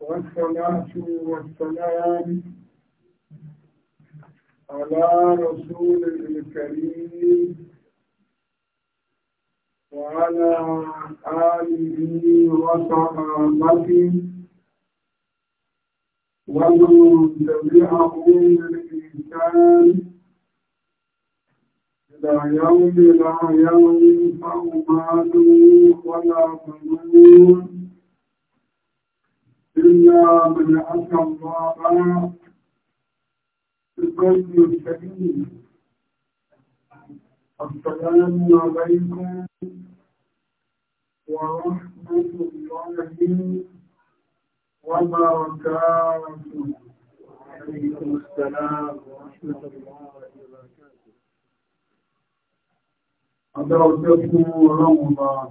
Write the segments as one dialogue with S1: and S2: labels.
S1: والصلاة والسلام على رسول الكريم وعلى آله وصحابته ومن تبعهم بالإحسان إلى يوم لا ينفع مال ولا بنون إلا من أتى الله بقلب سليم السلام عليكم ورحمة الله وبركاته وعليكم السلام ورحمة الله وبركاته أدركتكم رمضان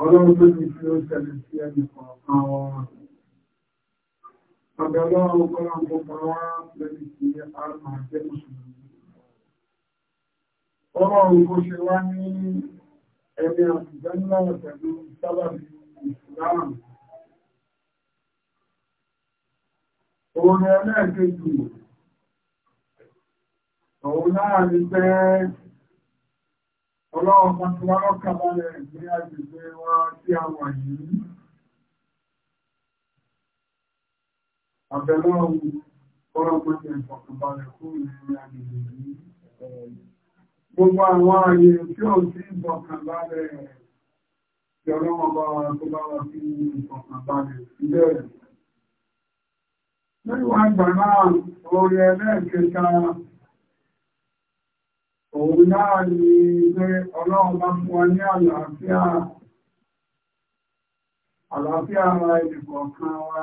S1: Ọlọ́run tó ní fi ó ṣẹlẹ̀ sí ẹni kọ̀ọ̀kan wọn. Àgbàlá ọkọ̀ràn gbogbo wá lẹ́ni sí àmà jẹ́ Mùsùlùmí. Ọlọ́run kó ṣe wá ní Òun ni ẹlẹ́ẹ̀kejì, òun náà ni pẹ́ Ọlọ́run kan tí wọ́n lọ́kà lálẹ́ ní agbègbè wa tí a wà yìí. Àbẹ̀lọ́run ọlọ́pọ̀ ti ìfọ̀kànbalẹ̀ kúrò ní agbègbè yìí. Gbogbo àwọn ààyè tí ó sí ìfọ̀kànbalẹ̀ tí ọlọ́wọ́n bá wa tó bá wa sí ìfọ̀kànbalẹ̀ sílẹ̀. Lẹ́yìn wá ìgbà náà, orí ẹlẹ́ẹ̀kẹta Òun náà ni pé ọlọ́run bá fún wa ní àlàáfíà, àlàáfíà ara ẹnìkọ̀ọ̀kan wa,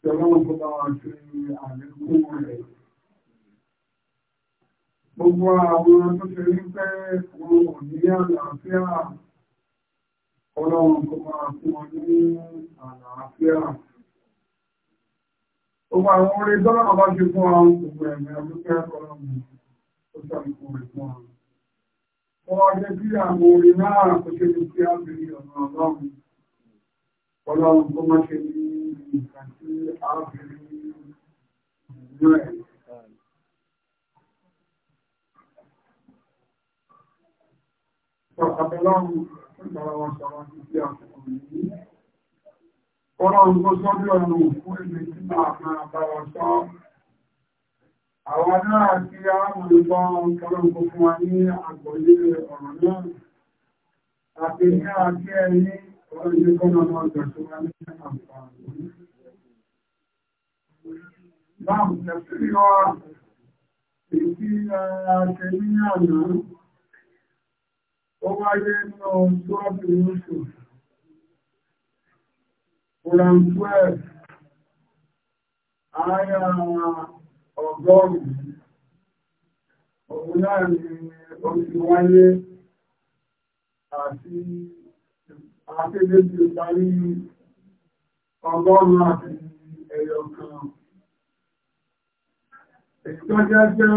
S1: tí ọlọ́run kó bá wa ṣe àlékún rẹ̀. Gbogbo àwọn tó ṣe rí pé wọn ò ní àlàáfíà, ọlọ́run kó bá fún wọn ní àlàáfíà. Gbogbo àwọn orí dọ́là bá ṣe fún àwọn gbogbo ẹ̀mẹ́ ọdún kẹ́kọ̀ọ́ ó sàmùkún rẹ̀ fún ọ̀run. Ọjọ́ tí àwọn orin náà kò ṣe ní kí á fi ọ̀nà ọlọ́run. Ọlọ́run kó má ṣe ní ìgbà tí a fi rí ìlú ẹ̀. Ọ̀pọ̀lọ́run ìgbàra wọn sọ̀rọ̀ ti sọ́bí ọ̀nà òkú èmi tí máa máa bá wọn sọ́ọ́ àwọn náà tí a mọ̀lúgbọ́n kọlọ̀kọ́ fún wa ní àgbọ̀lé ọ̀rọ̀ náà àti ní àti ẹni ọlọ́dẹ́kọ́nà náà gbẹ̀ṣọ́ wa ní àǹfààní náà tẹ̀sí wa èyí àti ní àná ó wáyé nínú tọ́ọ̀bù lóṣù Quran 12 ayah ọgọ́rùn-ún òun náà ni oṣù wáyé àti àkédébí ìparí ọgọ́rùn-ún àti ẹ̀yọ kan èyí tó jẹ́ jẹ́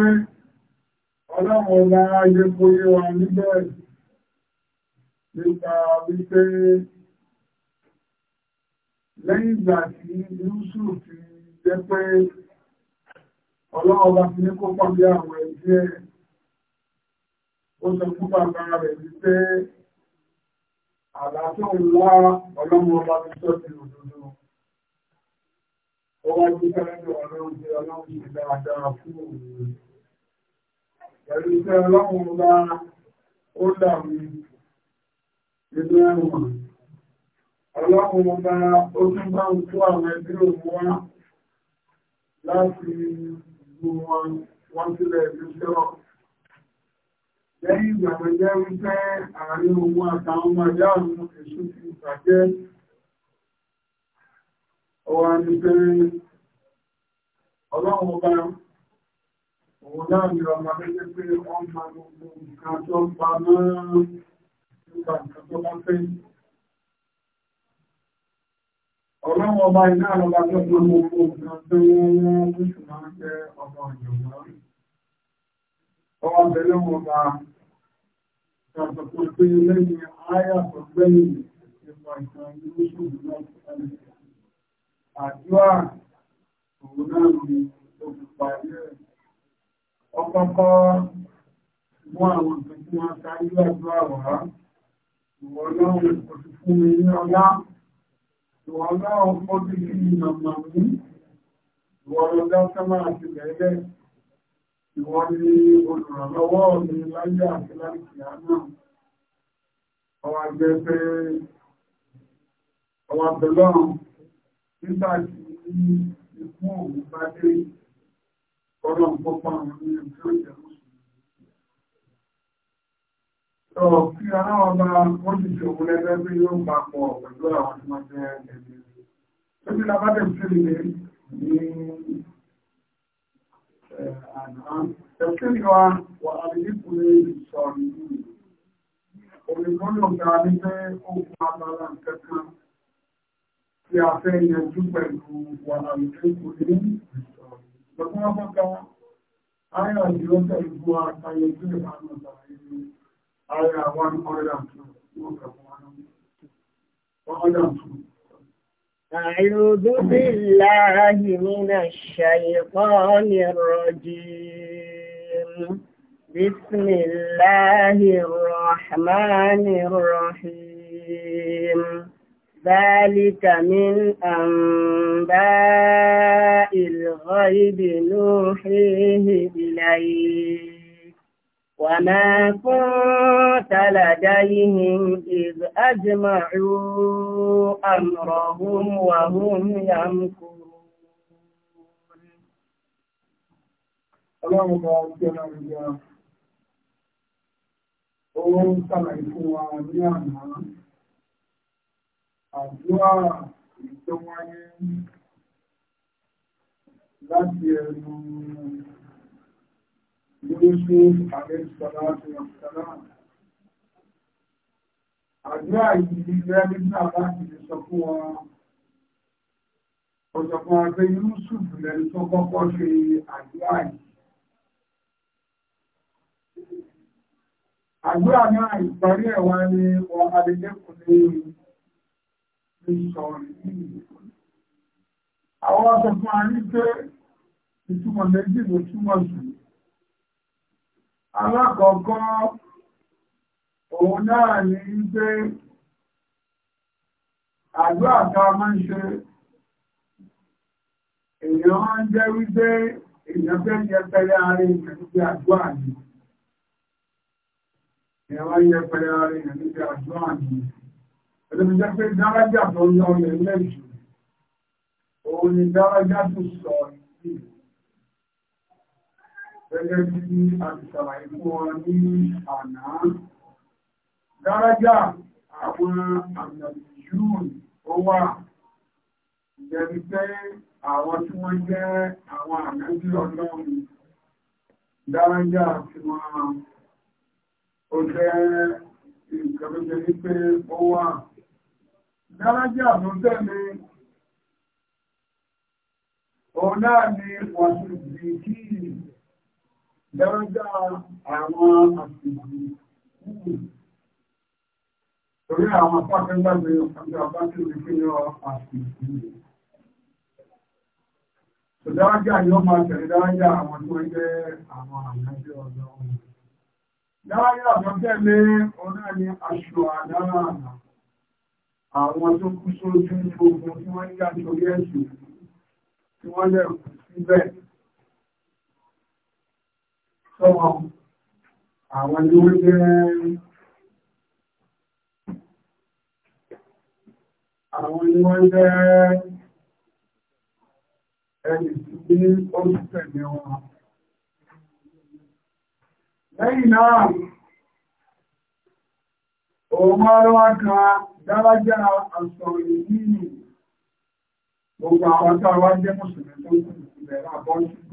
S1: ọlọ́run ọba ayé kó yé wa níbẹ̀ nípa wípé lẹ́yìn ìgbà tí Yusuf ti jẹ́ pé ọlọ́wọ́ bá fi ní kó pàdé àwọn ẹgbẹ́ ẹ̀ ó sọ fún bàbá rẹ̀ wípé àlá tó ń lá ọlọ́wọ́ bá fi sọ sí òdodo ó wá ní kẹ́lẹ́dọ̀ ọlọ́run tí ọlọ́run ti dáadáa fún òun pẹ̀lú iṣẹ́ ọlọ́run bá ó dà mí nínú ẹ̀wọ̀n ọlọ́run bá ó tún bá ń kó àwọn ẹbí òun wá láti gbogbo wọn wọ́n sílẹ̀ ìlú sẹ́rọ̀. Lẹ́yìn ìgbàgbọ́ jẹ́ wípé àárín ohun àtàwọn ọmọ ìyá àwọn èṣù ti bàjẹ́. Ọwọ́ ni pé ọlọ́run ọba òun náà ni ọmọ gẹ́gẹ́ pé wọ́n máa gbogbo nǹkan tó pa náà nípa nǹkan tó bá fẹ́ Ọlọ́run ọba iná ọba tó tó mú ọkùnkan tó wọ́n wọ́n tó sì máa ń jẹ́ ọmọ ìjọ̀gbọ́n. Ọwọ́ abẹ́lẹ́ wọn bá ṣàtọ̀kọ́ pé lẹ́yìn àyà tó gbẹ̀yìn nípa ìtàn ìlú ṣòwò náà ti sálẹ̀. Àdúrà òun náà ni ó fi parí ẹ̀. Ọkọ̀kọ́ mú àwọn nǹkan tí wọ́n ta ilé àdúrà wá. Ìwọ náà kò sì fún mi ní ọlá ìwọ̀n náà ó ti ní ìmọ̀mọ̀ mú ìwọ̀n ló dá sẹ́mà àti lẹ́lẹ̀ ìwọ̀n ni olùrànlọ́wọ́ mi láyé àti láti àná ọwà gbẹ́fẹ́ ọwà bẹ̀lọ́run nígbà tí ikú òun bá dé ọlọ́run pọ́pọ́ Sọ kí aláwọ̀ bá wọ́n ti ṣe òun lẹ́gbẹ́ bí yóò bá pọ̀ pẹ̀lú àwọn tí wọ́n jẹ́ ẹgbẹ́. Ó ti lábádẹ̀ sílẹ̀ ní àná. Ẹ̀sìn wa wà àríkùnrin ìsọ̀rí. Òmìnirò ga ní pé ó fún abala kankan tí a fẹ́ yanjú pẹ̀lú wà àríkùnrin ìsọ̀rí. Lọ́gbọ́n fọ́ka, ayọ̀ ìdíwọ́tẹ̀ ìgbó àtàyẹ̀jú ìbánú ọ̀tà. Ayah 102. 102. أعوذ بالله من الشيطان الرجيم بسم الله الرحمن الرحيم ذلك من أنباء الغيب نوحيه إليك وما كنت لديهم إذ أجمعوا أمرهم وهم يمكرون Ọlọ́run bá ọjọ́ náà yá, ó ń sàlàyé fún wa ní àná, àdúrà ìjọ wáyé láti ẹnu Yusuf alayhi salatu wa salam. Àdúrà yìí rẹ́bí náà láti lè sọ fún wa. Ọ̀sọ̀ fún wa pé Yusuf lẹ́nu tó kọ́kọ́ ṣe àdúrà yìí. Àdúrà náà ìparí ẹ̀wà ni wọ́n adẹ́lẹ́kùnrin ní sọ̀rọ̀ yìí. Àwọn ọ̀sọ̀ fún wa ní pé ìtumọ̀ méjì ló túmọ̀ sí alákọ̀ọ́kọ́ òun náà ní pé àdúrà tá a máa ń ṣe èèyàn máa ń jẹ́ wípé èèyàn fẹ́ yẹpẹrẹ ara èèyàn níbi àdúrà ni èèyàn máa ń yẹpẹrẹ ara èèyàn níbi àdúrà ni ẹlẹ́mi jẹ́ pé dárájà tó ń lọ ilẹ̀ lẹ́jù òun ni dárájà tó sọ yìí gẹ́gẹ́ bí a ti ṣàlàyé fún wọn ní àná. Dárájà àwọn àmìyàn ó wà ìjẹni pé àwọn tí wọ́n jẹ́ àwọn àmì ọlọ́run dárájà tí wọ́n ó jẹ́ nǹkan ní pé ó wà. Dárájà tó tẹ̀lé òun náà ni wọ́n ti dì kí dáadáa àwọn àṣìkò torí àwọn apákan gbàgbé ọjọ́ abákìlì kí ni àṣìkò Ìdájá yóò máa tẹ̀lé dájá àwọn tó ń jẹ́ àwọn àyájọ́ ọ̀dọ́ ọmọ. Dájá àtọ́jẹ́ lé ọ̀nà ni aṣọ àdára àná. Àwọn tó kú sójú gbogbo tí wọ́n ń yá torí ẹ̀sùn tí wọ́n lẹ̀ kú síbẹ̀ sọ́wọ́ àwọn ni wọ́n jẹ́ àwọn ni wọ́n jẹ́ ẹni tí ó ń tẹ̀lé wọn lẹ́yìn náà òun máa lọ́wọ́ kan dárájá àṣọ̀rọ̀ yìí gbogbo àwọn tó àwọn jẹ́ mùsùlùmí tó kù àbọ́sùn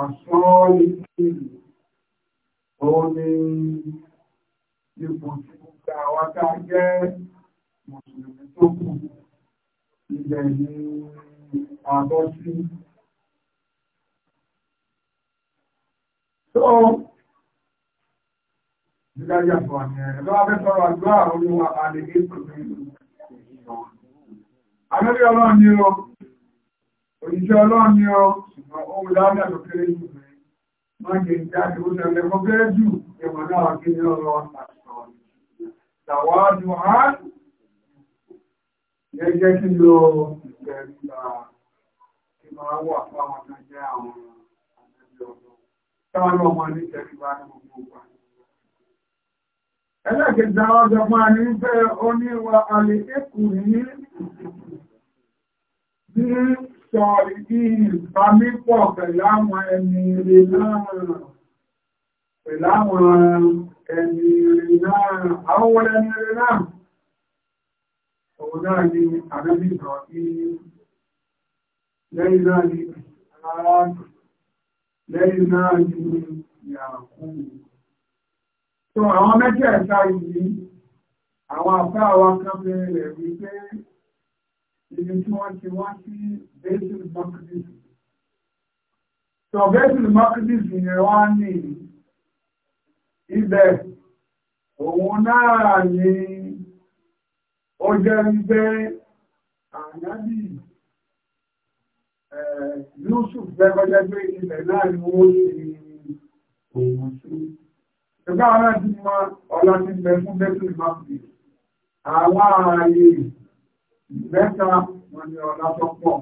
S1: àṣọ́ọ́lì kìlì òun ni ipò tí gbogbo àwọn tá a jẹ́ mùsùlùmí tó kù ilẹ̀ ní àbọ̀ sí. tó dídájà fún àmì ẹ̀rẹ́ lọ́wọ́ fẹ́ sọ̀rọ̀ àdúrà oníwà àlèkè tó ní ìlú àmẹ́rí ọlọ́run ni ó òjíṣẹ́ ọlọ́run ni ọ ṣùgbọ́n ohun lábẹ́ ló kéré jù rẹ̀ wọ́n jẹ́ ìjáde ó ṣẹlẹ̀ kó kéré jù ẹ̀wọ̀n náà kí ní ọ̀rọ̀ àṣọ ìdàwádùn á gẹ́gẹ́ kí ló ìfẹ́ nígbà tí máa wà fáwọn kan jẹ́ àwọn àjẹ́bí ọlọ́run táwọn ọmọ ní tẹ̀síwá ní gbogbo ẹlẹ́kẹta ọjọ́ máa ní fẹ́ oníwà àlè ẹkùn ní sọ ìfàmípọ̀ pẹ̀láwọn ẹni ire náà pẹ̀láwọn ẹni ire náà àwọn ẹni ire náà òun náà ni àdábìtọ̀ ní lẹ́yìn náà ni lẹ́yìn náà ni ìyàkú tó àwọn mẹ́jẹ̀ẹ̀ta yìí àwọn àfẹ́ àwọn kan fẹ́ rẹ̀ wípé ibi tí wọ́n ti wá sí Bẹ́tùl Maqdis. Sọ Bẹ́tùl Maqdis yẹn wá ní ibẹ̀ òun náà ni ó jẹ́ wípé ànábì Yusuf lẹ́kọjá pé ilẹ̀ náà ni ó ti òun sí. Ṣùgbọ́n àwọn àti wọn ọlá ti bẹ fún Bẹ́tùl Maqdis. Àwọn ààyè Mẹ́ta wọn ni ọlá tó pọ̀.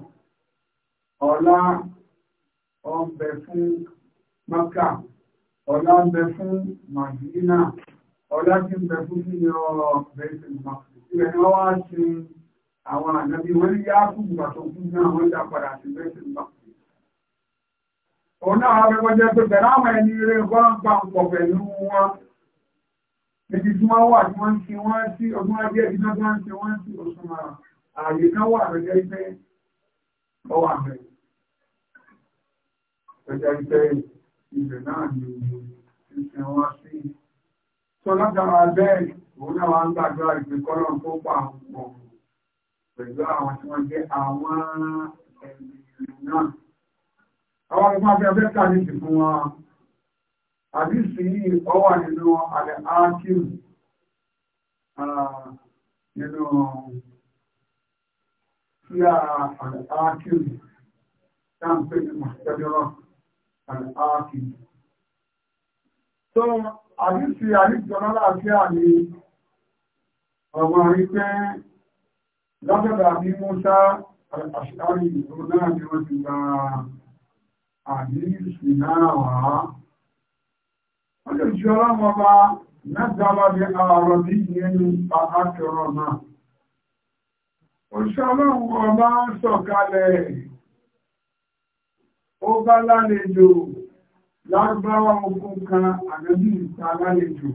S1: Ọlá ọ̀bẹ fún Mọ́kà, ọlá ń bẹ fún Màdínà, ọlá tí ń bẹ fún kí ni ọ̀rọ̀ bẹ́ẹ̀sì mọ́. Ibẹ̀ ni wọ́n wá ṣe àwọn ànábí wọ́n ní yá fún ìgbà tó kú náà wọ́n dá padà sí bẹ́ẹ̀sì mọ́. Òun náà rẹ̀ wọ́n jẹ́ pé bẹ̀rẹ̀ àwọn ẹni rẹ̀ wọ́n ń pẹ̀lú wọn ibi tí wọ́n wà tí wọ́n ń ṣe wọ́n sí ọdún ajé ìdíjọ́ tí wọ́n ń ṣe wọ́n sí oṣù mara ààyè kan wà rẹ̀jẹ́ ìfẹ́ ọwà rẹ̀ rẹ̀jẹ́ ìfẹ́ ìbẹ̀ náà ni ìṣẹ́ wá sí tó látara bẹ́ẹ̀ òun náà wá ń gbàjọ́ ìpín kọ́lọ̀ tó pa pọ̀ pẹ̀lú àwọn tí wọ́n jẹ́ àwọn ẹ̀mìnrin náà àwọn ọmọ abẹ́fẹ́ kà ní ti fún wọn àdísì yìí ọwà nínú alẹ́ ákìrù ah, nínú ọ̀hún sí àkìlì táǹpé ní mọ̀tẹ́lẹ́rọ̀ àkìlì. tó àdísí àdíjọba láàáfíà ni ọgbọ̀n rí pé lọ́gbẹ̀dà ní mọ́sá àṣìkárí ìgbòho náà ni wọ́n ti gba àdísí náà wá. wọ́n lè jí ọlọ́mọba mẹ́ta lọ́dẹ àrọ̀ bí ìyẹn ní pàtàkì ọ̀rọ̀ náà Òṣọ́lọ́run ọba ń sọ̀kalẹ̀, ó bá lálejò lágbáwá ogun kan ànábì ìta lálejò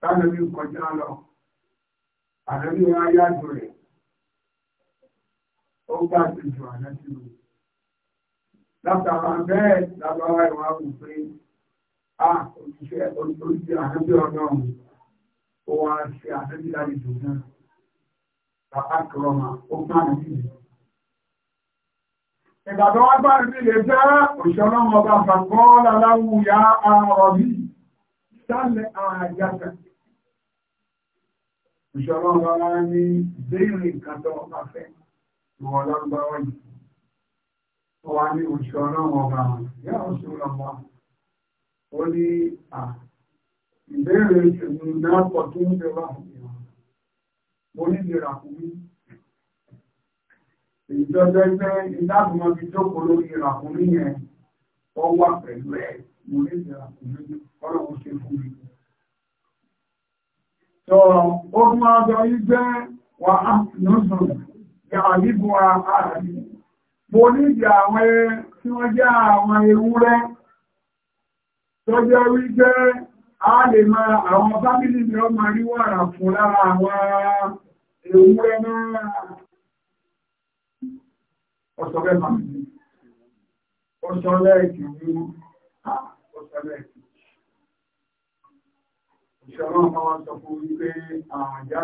S1: tánàbí kọjá lọ, ànábì wọn yájò rẹ̀, ó bá tẹjọ ànábì rẹ̀. Látàrà bẹ́ẹ̀ lágbáwá ìwà wù pé, a òṣìṣẹ́ orí ànábì ọlọ́run, ó wá ṣe ànábì lálejò náà àkàkọ̀ọ̀mà ó gbá níbi ìlú. Ìgbàdọ̀ wá gbá níbi ilé jẹ́ òṣèlọ́mọ bá fàkọ́ọ́lá láwù ya ààrọ̀ bí sálẹ̀ àjàkà. Òṣèlọ́mọ bá ní béèrè ìkàtọ̀ afẹ́ ìwọ̀ lágbàwọ̀ yìí. Ó wá ní òṣèlọ́mọ bá yá òṣèlọ́mọ. Ó ní ìbéèrè ìṣèlú náà pọ̀ tó ń bẹ̀rẹ̀ mo ní lè rà fún mi ìjọba ẹgbẹ́ ìdáàbòmọ́ ti jókòó lórí ìràkúnmí yẹn wọ́n wà pẹ̀lú ẹ̀ mo ní ìràkúnmí ọlọ́run ṣe fún mi. sọ ó máa jọ yí jẹ́ wà á lọ́sùn yàrá níbo àárí mo nídìí àwọn tí wọ́n jẹ́ àwọn ewúrẹ́ tó wí jẹ́ a lè máa àwọn fámílì ni ó máa rí wàrà fún lára àwọn ewúrẹ́ náà ọ̀sọ̀rẹ́ màmí ọ̀sọ̀rẹ́ ìkìwú ọ̀sọ̀rẹ́ ìkìwú ìṣọ̀rọ̀ ọmọ wa sọ fún wípé àyàjá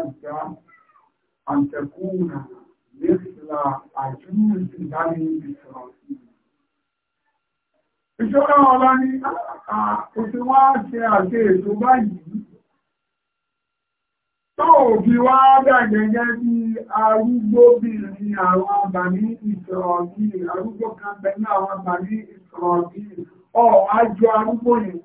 S1: àǹtẹ̀kùnà nígbà àjúmù ìsìnkárí ìṣọ̀rọ̀ sí ìṣọ́lá ọlá ní àkóṣe wá ṣe àṣẹ ètò báyìí tó òbí wá dà gẹ́gẹ́ bí arúgbóbìnrin àwọn àbàní ìsọ̀rọ̀bí arúgbó kan pẹ̀lú àwọn àbàní ìsọ̀rọ̀bí ọ̀ ájọ arúgbó yẹn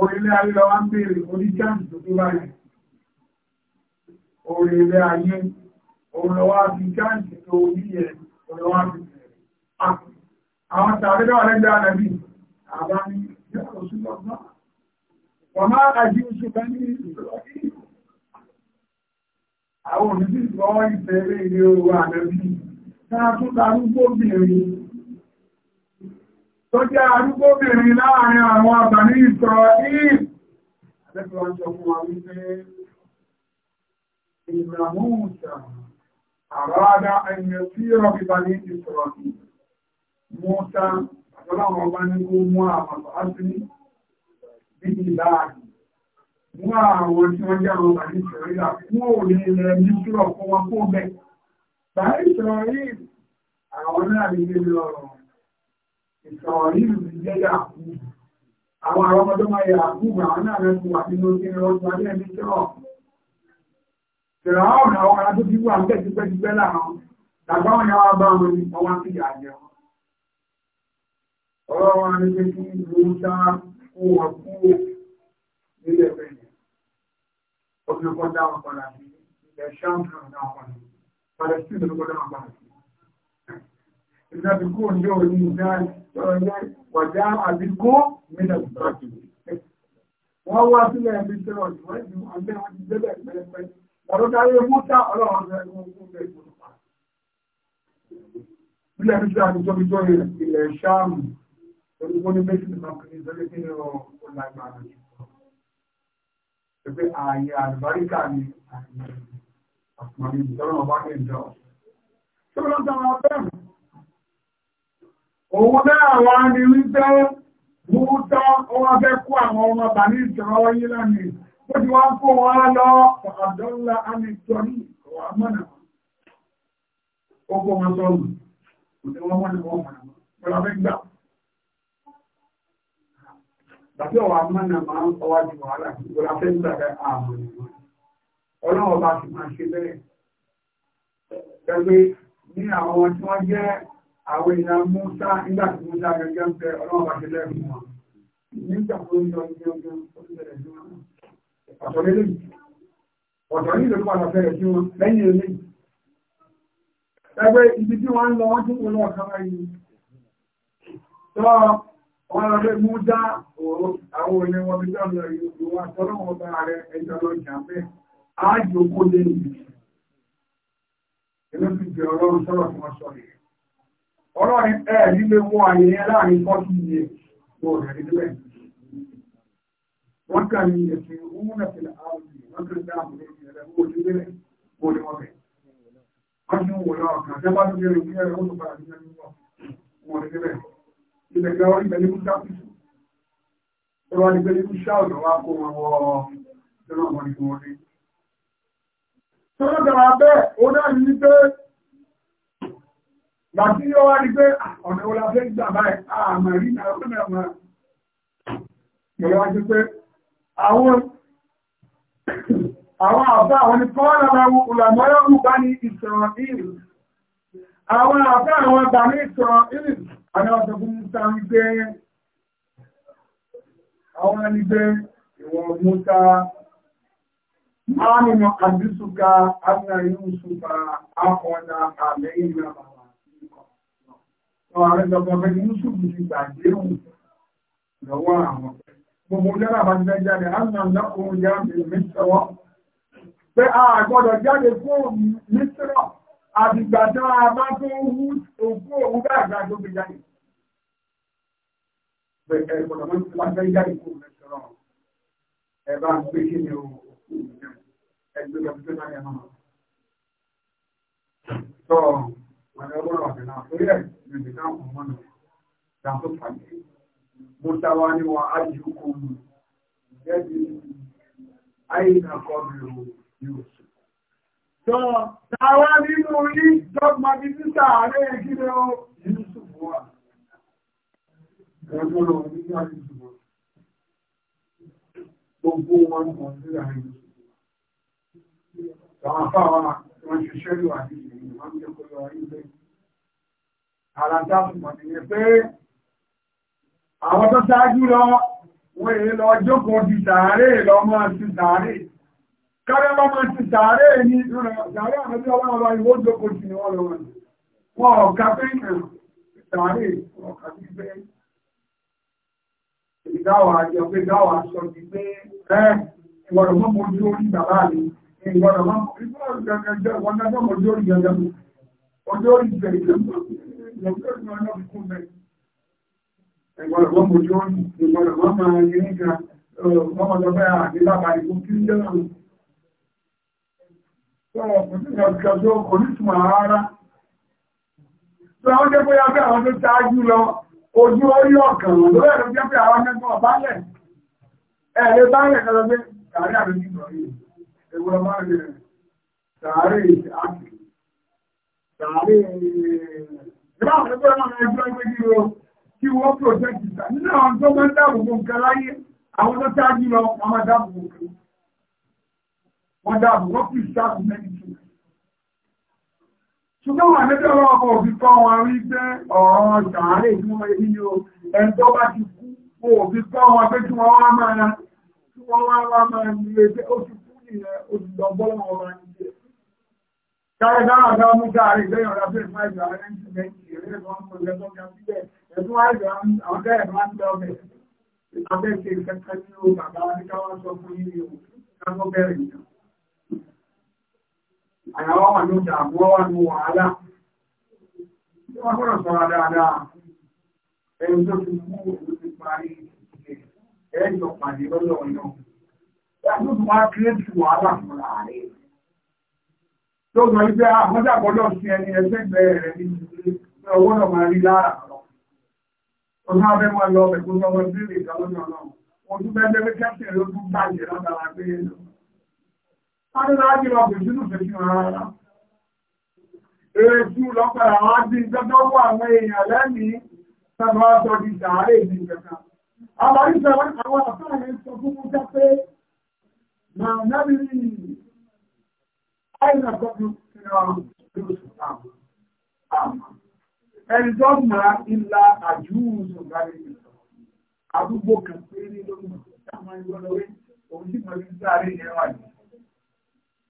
S1: orílẹ̀ ayé lọ wá ń bèèrè oníjáàmì tó tó báyìí orílẹ̀ ayé òun lọ wá fi jáàmì tó orí ẹ̀ òun lọ wá fi àwọn tàbílẹ̀ wà lẹ́gbẹ̀ẹ́ ànàbí àbá ní oṣù lọ́gbọ́n wọ́n máa àjí oṣù bá ní àwọn òmìnirí lọ́wọ́ ìfẹ́rẹ́ ilé owó ànàbí náà tún darúgbóbìnrin tó jẹ́ arúgbóbìnrin láàrin àwọn àbàní ìsọ̀rọ̀ ní àdẹ́fẹ́wọ́njọ fún wa wípé ìrànmú ìsàn àrádá ẹni tí rọ̀ bíbá ní ìsọ̀rọ̀ yìí mọ́ta àtọ́láwọn ọba ní kó mú àwọn àbáṣí bíbí láàrin mú àwọn tí wọ́n jẹ́ àwọn bàbí ìṣòrílà fún òní ilẹ̀ ní ṣúrọ̀ fún wọn kó bẹ̀. bàbí ìṣòrí àwọn náà ní ilé lọ́rọ̀ ìṣòrí ìlú jẹ́ yàkú àwọn àwọn ọmọdé máa yà kú àwọn náà rẹ̀ fún wà nínú kí wọ́n tún adé ẹni ṣúrọ̀. ṣèrè àwọn àwọn ará tó fi wà ń ọ̀rọ̀ wọn ní pé kí ìlú dá kó wọn kú nílẹ̀ bẹ̀rẹ̀ ọdúnkọ́ dá wọn padà sí ilẹ̀ ṣáàmùn dá wọn padà padà sí ìdúnkọ́ dá wọn padà sí ìdá ti kó ní òní ìdá ìjọba wàjá àbíkó mílẹ̀ bùkátì wọ́n wá sílẹ̀ ẹbí tẹ́lọ̀ ìwádìí ọgbẹ́ wọn ti débẹ̀ pẹ́ẹ́pẹ́ ọ̀rọ̀ darí mọ́tà ọlọ́run ọ̀rẹ́ ẹgbẹ́ ọgbẹ́ ìgbòho pa ilẹ̀ ìjọba ìjọba ìjọba ilẹ̀ ṣáàmù torí wọ́n ní méjì náà kì í sọ́lé kí ni ó lágbára jù lọ. Ẹgbẹ́ ààyè àlùbáríkà ni àtìmọ́lé ìjọba ọba ní ìjọ. Ṣé wọ́n lọ́ta wọn bẹ́ẹ̀? Òun náà wá ní wípé mú tọ́ ọwọ́ fẹ́ kó àwọn ọmọ bà ní ìjọba wáyé lánìí. Ó ti wá kó wọn lọ àdọ́lá àmìtọ́rí ọ̀wà mọ́nà. Ó kó wọn sọ́ọ̀lù. Ó ti wọn mọ̀nà. Bọ́lá fẹ́ gbà tàbí ọ̀wà mọ́nà máa ń kọwá di wàhálà ìgbòlá fẹ́ gbàgbẹ́ ààbò ìwọ̀n ọlọ́wọ́ bá ti máa ṣe bẹ́ẹ̀ gẹ́gbẹ́ ní àwọn tí wọ́n jẹ́ àwọn èèyàn Músá nígbà tí Músá gẹ́gẹ́ ń bẹ ọlọ́wọ́ bá ṣe lẹ́rùn wọn nígbà tó ń yọ ní ọjọ́ orílẹ̀-èdè sí wọn ọ̀tọ̀ lélẹ̀ ọ̀tọ̀ nílò tó padà fẹ́rẹ̀ sí wọn lẹ́yìn wọ́n lọ lé mú dá àwọn òní wọn bí dá lọ ìlú wọn tọ́lọ́wọ́ bá rẹ ẹjọ́ lọ jàmbẹ́ ájò kó lé nìyí inú fi jẹ ọlọ́run sọ́rọ̀ fún ọsọ rẹ̀ ọ̀rọ̀ ẹ̀ nílé wọ́n àyẹyẹ láàrin fọ́tí iye wọ́n rẹ̀ nílẹ̀ wọ́n kà ní ẹ̀sìn owó náà fi láàrín wọ́n kà ní dáàbò lórí ẹ̀rẹ́ owó ti lélẹ̀ wọ́n lè wọ́n bẹ̀ wọ́n ti lè rí ilẹ̀ ìgbà wọn ìgbẹ̀lẹ́kú sáàpùsù tó wá ní gbẹ̀lẹ́kú sáàpùsù wá kó wọn wọ ẹ̀rọ ọmọ ìgbọ̀n wọn ní. tó ló dára bẹ́ẹ̀ ó náà ní ní pé gbàtí ó wá ní pé ọ̀nà wo la fẹ́ gbà báyìí àmà rí náà ó wá sí pé àwọn àwọn àbá àwọn ni kọ́ọ̀lá máa ní ìsọ̀rọ̀ ìlú àwọn àbá àwọn gbà ní ìsọ̀rọ̀ ìlú adáwọ̀sọ fún múta ń gbé àwọn ẹnigbé ìwọ̀n múta máa nínú àdúsùká àmìnà inú ṣùgbà àkọ́ọ̀dá àlẹ́ ìrìn àbàwà àwọn àrẹ́gbẹ̀gbẹ̀ pẹ̀lú mùsùlùmí ti gbàgbé òun lọ́wọ́ àwọn gbogbo jẹ́rà bá jẹ́ jáde àmìnà lọ́kùnrin jáde mẹ́sọ̀rọ̀ pé a gbọ́dọ̀ jáde fún mẹ́sọ̀rọ̀ àdìgbàdá bá tó wú òkú òun gbàgbà tó gbé jáde. Bẹ̀rẹ̀ ìgbọ̀dọ̀ máa ń fi wájú jáde kó lẹ́sọ̀rọ̀. Ẹ bá ń pè kí ni o òkú mi náà. Ẹ gbé lọ sí láyé náà. Sọ wọn ni ọgbọ́n ọ̀dẹ̀ náà torí ẹ̀ ní ìdí náà kò Tọ́ tàwa nínú orí dọ́gba bí títà ààrẹ ìgbìlẹ̀ o, inú ṣùgbọ́n wà. Ẹgbọ́n lọ ní kí a ti ṣùgbọ́n. Gbogbo wọn kan sí àwọn tó ṣáájú lọ, wọ́n èé lọ jókòó di tààrẹ lọ máa ti tààrẹ. Kárẹ́ bá máa ti dàárẹ́ ní dàárẹ́ àmọ́bí ọlọ́wọ́ ìwó jókòó ni wọ́n lọ wọn. Wọ́n ọ̀gá bẹ́ẹ̀kàn dàárẹ́ ọ̀gá bí bẹ́ẹ̀. Ìdáwà àjọ pé dáwà sọ ti pé ẹ́ ìwọ̀rọ̀ mọ́ mo dúró ní bàbá mi. Ìwọ̀rọ̀ mọ́ mo dúró ní gẹ́gẹ́ jẹ́ ìwọ̀n gẹ́gẹ́ mo dúró ní gẹ́gẹ́ mi. Ọjọ́ ìjẹ́ ìjọba ìwọ̀rọ̀ mọ́ mo dúró ní ìwọ̀rọ̀ mọ́ máa yẹ nígbà ọmọdé ọbẹ̀ Àwọn jẹ́ pé ya pé àwọn tó ṣáájú lọ, ojú orí ọ̀kan ló ẹ̀rọ jẹ́ pé àwọn mẹ́gbọ́n ọ̀bálẹ̀. Ẹ̀rẹ́ bálẹ̀ kọ́lọ pé tààrí àrẹ ní ìgbọ̀rí, ewúrọ máa rẹ̀ tààrí àti tààrí ìbáwọn ẹgbẹ́ ọmọ ẹgbẹ́ ẹgbẹ́ gíro kí wọ́n pòjẹ́ wọ́n dáàbò wọ́n kì í sáàbù mẹ́jì ṣùgbọ́n wà ní tẹ́lọ ọkọ̀ òbí kọ́ wọn rí pé ọ̀rọ̀ ìtààrí ìdúnmọ̀ ìyó ẹ̀ntọ́ bá ti kú òbí kọ́ wọn pé tí wọ́n wá máa ra tí wọ́n wá wá máa ní ẹgbẹ́ ó ti kú nìyẹn olùdọ̀gbọ́n ọmọ ìgbẹ́ Káyé dáadáa mú káàrí lẹ́yìn ọ̀rọ̀ abẹ́rẹ́ máa ìgbà rẹ̀ ń ti lẹ́yìn ìrẹ́lẹ̀ wọn kò lẹ́tọ́ ga síbẹ̀. Ẹ̀tún wá ìgbà àwọn ọ̀gá ẹ̀ máa ń lọ bẹ̀. Ìgbà bẹ́ẹ̀ ṣe ìfẹ́ kan ní o bàbá wa ní káwọn sọ fún yín ni o. Ká tó bẹ̀rẹ̀ ìjọba àyàwó wà ní ìjà àbúwọ́ wà ní wàhálà tí wọ́n gbọ́dọ̀ sọ́ra dáadáa ẹni tó ti mú òun ti parí ẹjọ pàdé lọ́dọ̀ ọ̀nà yàtọ̀ tó máa kírètì wàhálà fún láàrin tó sọ wípé àmọ́jà ah, gbọ́dọ̀ sí ẹni ẹgbẹ́gbẹ́ rẹ̀ ní ìdílé pé owó náà máa rí lára lọ tó náà fẹ́ máa lọ ọbẹ̀ tó sọ wọn sí ìrìn ìdáwọ́jọ́ náà wọ́n tún bẹ́ẹ̀ bẹ́ẹ̀ kẹ́sì ló tún bàjẹ́ látara pé Sáré láti lọ bèèrè sínú fèsì rárá. Èṣù lọ́pẹ̀lá wá dí gbọ́dọ̀ wọ àwọn èèyàn lẹ́mìí sẹ́nu ọjọ́ di sàárè ní ìjọba. Àbárí sẹ́wọ́n àwọn àfáàrẹ sọ fún mú jẹ́ pé màá nẹ́bí rí àìsàn kọ́kú sínú ọjọ́ Ẹni tó mọ̀ ilá àjúùsùn gárí ìsọ̀. Àdúgbò kan pé ní lórí ìjọba ìwọ̀n lórí, òun sì mọ̀ ní sáré ìrẹ́wà yìí.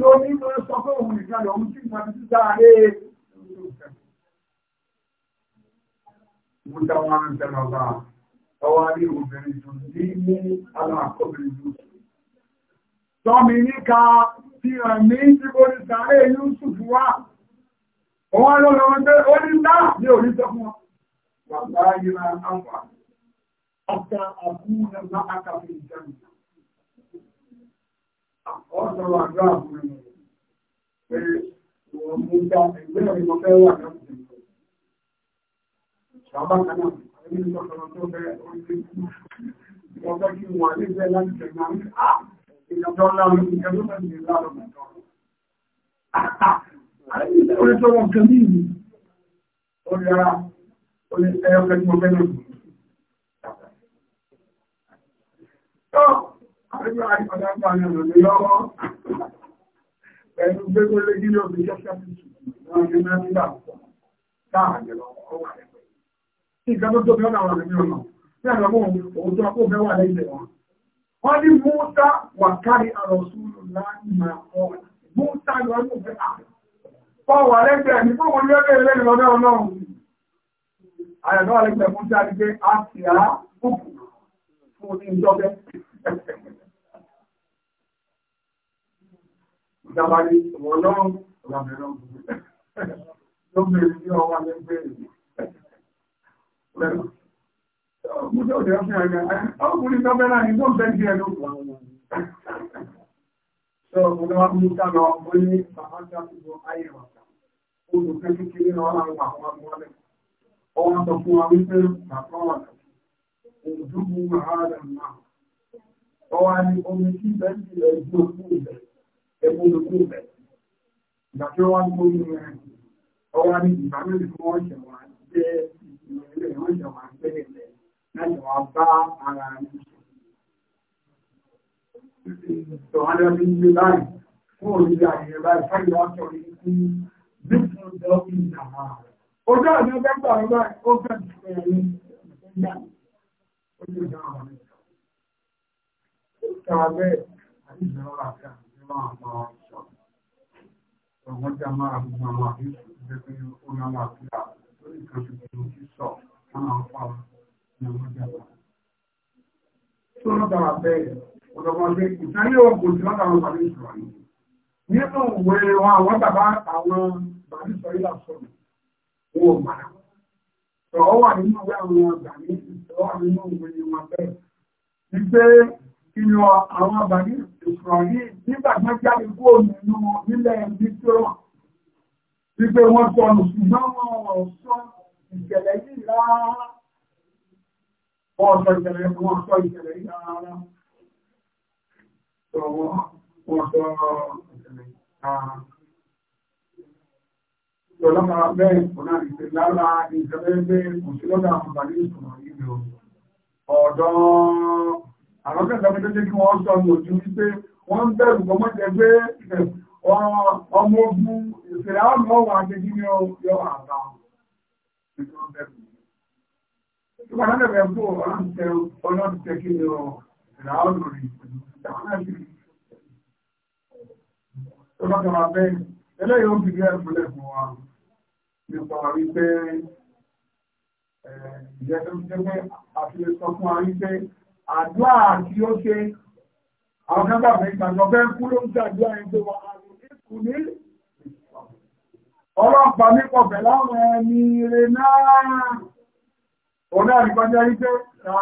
S1: lórí ló sọ pé òun nìkan lọ mú sí ìpàdé títà rẹ̀ mú dáwọn àrẹ́sẹ̀lọ́gbà ọwá ní obìnrin tó ní ní aláàkọ́bìnrin ló tọ́mi níka tí ẹ̀mí tí kò ní sàárẹ̀ Yusuf wá wọ́n lọ lọ pé ó ní náà ní orí sọ fún wọn wà láyé ra àwọn àkà àkúrẹ́ máa kàfẹ́ ìjẹun ọ̀sọ̀rọ̀ àdúrà fún ẹ̀mọ̀ pé wọ́n mú bá ẹgbẹ́ ìmọ̀ fẹ́ wà láti ẹ̀mọ̀. Bàbá kan náà, ẹni tó sọ̀rọ̀ tó fẹ́ orí wọ́n fẹ́ kí wọ́n ní fẹ́ láti ẹ̀mọ̀ àmì ìjọba láàrín ìjọba láti ẹ̀mọ̀ láàrín ìjọba. Àìní ìṣẹ́wọ̀n tó wọ́n kẹ́ ní ìlú. Ó yára, ó ní ẹyọ Ẹnu gbégbé lé gílé òbí ṣọ́ṣọ́ fi ṣùgbọ́n ní mẹ́rin bá táà jẹ́ lọ ọwà rẹ̀ pẹ̀lú. Ìgbà tó tóbi ọ̀nà àwọn ẹ̀mí ọ̀nà, ní àgbàmọ́ òun tó akó mẹ́wàá Wọ́n ní Mọ́ta wà kárí àrọ̀súlù láì máa Mọ́ta ni wọ́n ní òfin àrùn. Fọ́wà lẹ́gbẹ̀ẹ́ ní fọ́wọ́ ní ọgbẹ̀rẹ̀ lẹ́yìn lọ́dọ̀ ọlọ́run. Àyàgbọ́ lẹ́gbẹ̀ẹ́ Mọ́ta ní pé á ti rà ìjàmbáyé ìwọ̀n lọ́rùn ọ̀làmẹ́rọ̀ gbogbo lóbìnrin tí ọwọ́ ní pé Ọkùnrin tó bẹ́rẹ̀ ní tó bẹ́ jẹ́ ẹ̀lú. Ṣọ́ ọ̀pọ̀lọpọ̀ wá mú ká lọ mú ní bàbá jáfíjọ ayé wà. Olùfẹ́ kékeré lọ láàrín àwọn amúwálẹ̀. Ọwọ́n sọ fún wa wípé bàbá wà òdúgbù ààrẹ náà. Ọwọ́ ni omi tí bẹ́ẹ̀ ẹmú lókú rẹ̀. Ìgbà tí wọ́n mú ní rẹ̀, ọwá ní ìgbà mẹ́rin tí wá jẹ́ ìrìnlẹ̀ wọ́n wá bẹ́ẹ̀ lẹ̀ láti wá bá ara rẹ̀ sọ. Ìtọ̀hánà bí ilé báyìí, fún òrìlẹ̀ àyẹ̀rẹ̀ báyìí, fáyìí wọ́n sọ ní sí bí kí ó jọ bí ìjàmà rẹ̀. Ojú àjọ bẹ́ẹ̀ gbà rẹ̀ báyìí, ó fẹ́ Thank you. Ọ̀gbọ́n jẹ́ máa gbogbo àwọn àfihàn jẹ́ pé ó náà wà fún àwọn lórí kan ṣùgbọ́n tí sọ àwọn afáwọn ní ọmọ jàmbá. Tó ń dára bẹ́ẹ̀, ọ̀dọ̀gbọ́n ṣe ìtàlẹ́ ogun tí wọ́n dára bàbá ìṣòro yìí. Nínú ìwé wọn àwọn bàbá àwọn bàbá ìṣòro yìí sọ̀rọ̀, wọn ò mọ̀nà. Sọ̀rọ̀ wà nínú ìwé àwọn bàbá ìṣòro wà nínú ìwé wọn bẹ́ẹ̀ inú àwọn àbàní ìsìnrọ̀rí nígbàtí wọ́n jáde kó nínú nílẹ̀ ní tí ó wípé wọ́n sọnù ṣùgbọ́n wọn ò sọ ìṣẹ̀lẹ̀ yìí rárá wọ́n sọ ìṣẹ̀lẹ̀ wọ́n sọ ìṣẹ̀lẹ̀ yìí rárá wọ́n sọ ìṣẹ̀lẹ̀ rárá Ìjọlọ́pàá bẹ́ẹ̀ kò náà ìṣẹ̀lẹ̀ lára ìṣẹ̀lẹ̀ bẹ́ẹ̀ kò sí lọ́dọ̀ àwọn àbàní ìsìnrọ̀rí ọ̀dọ́ àwọn kẹta mi tó jẹ́ kí wọ́n sọ ní ojú wípé wọ́n ń bẹ̀rù gbọmọ́ jẹ pé ọmọ ogun ìfẹ́ àmọ́ wà ní kí ni yọ àbá Eléyìí ó bìí ẹ̀fúnlẹ̀ fún wa nípa wípé ẹ̀ẹ́ ìjẹ́ tó ń jẹ́ pé àti lè sọ fún wa wípé àdúrà àti ó ṣe àwọn kan bàbá ìgbàgbọ́ fẹ́ kú ló ń ṣàdúrà yẹn tó wà àrùn nípò ní ọlọ́pàá nípò pẹ̀lú àwọn ẹni ire náà òun náà ìkàtà àpá àwọn àti tó bá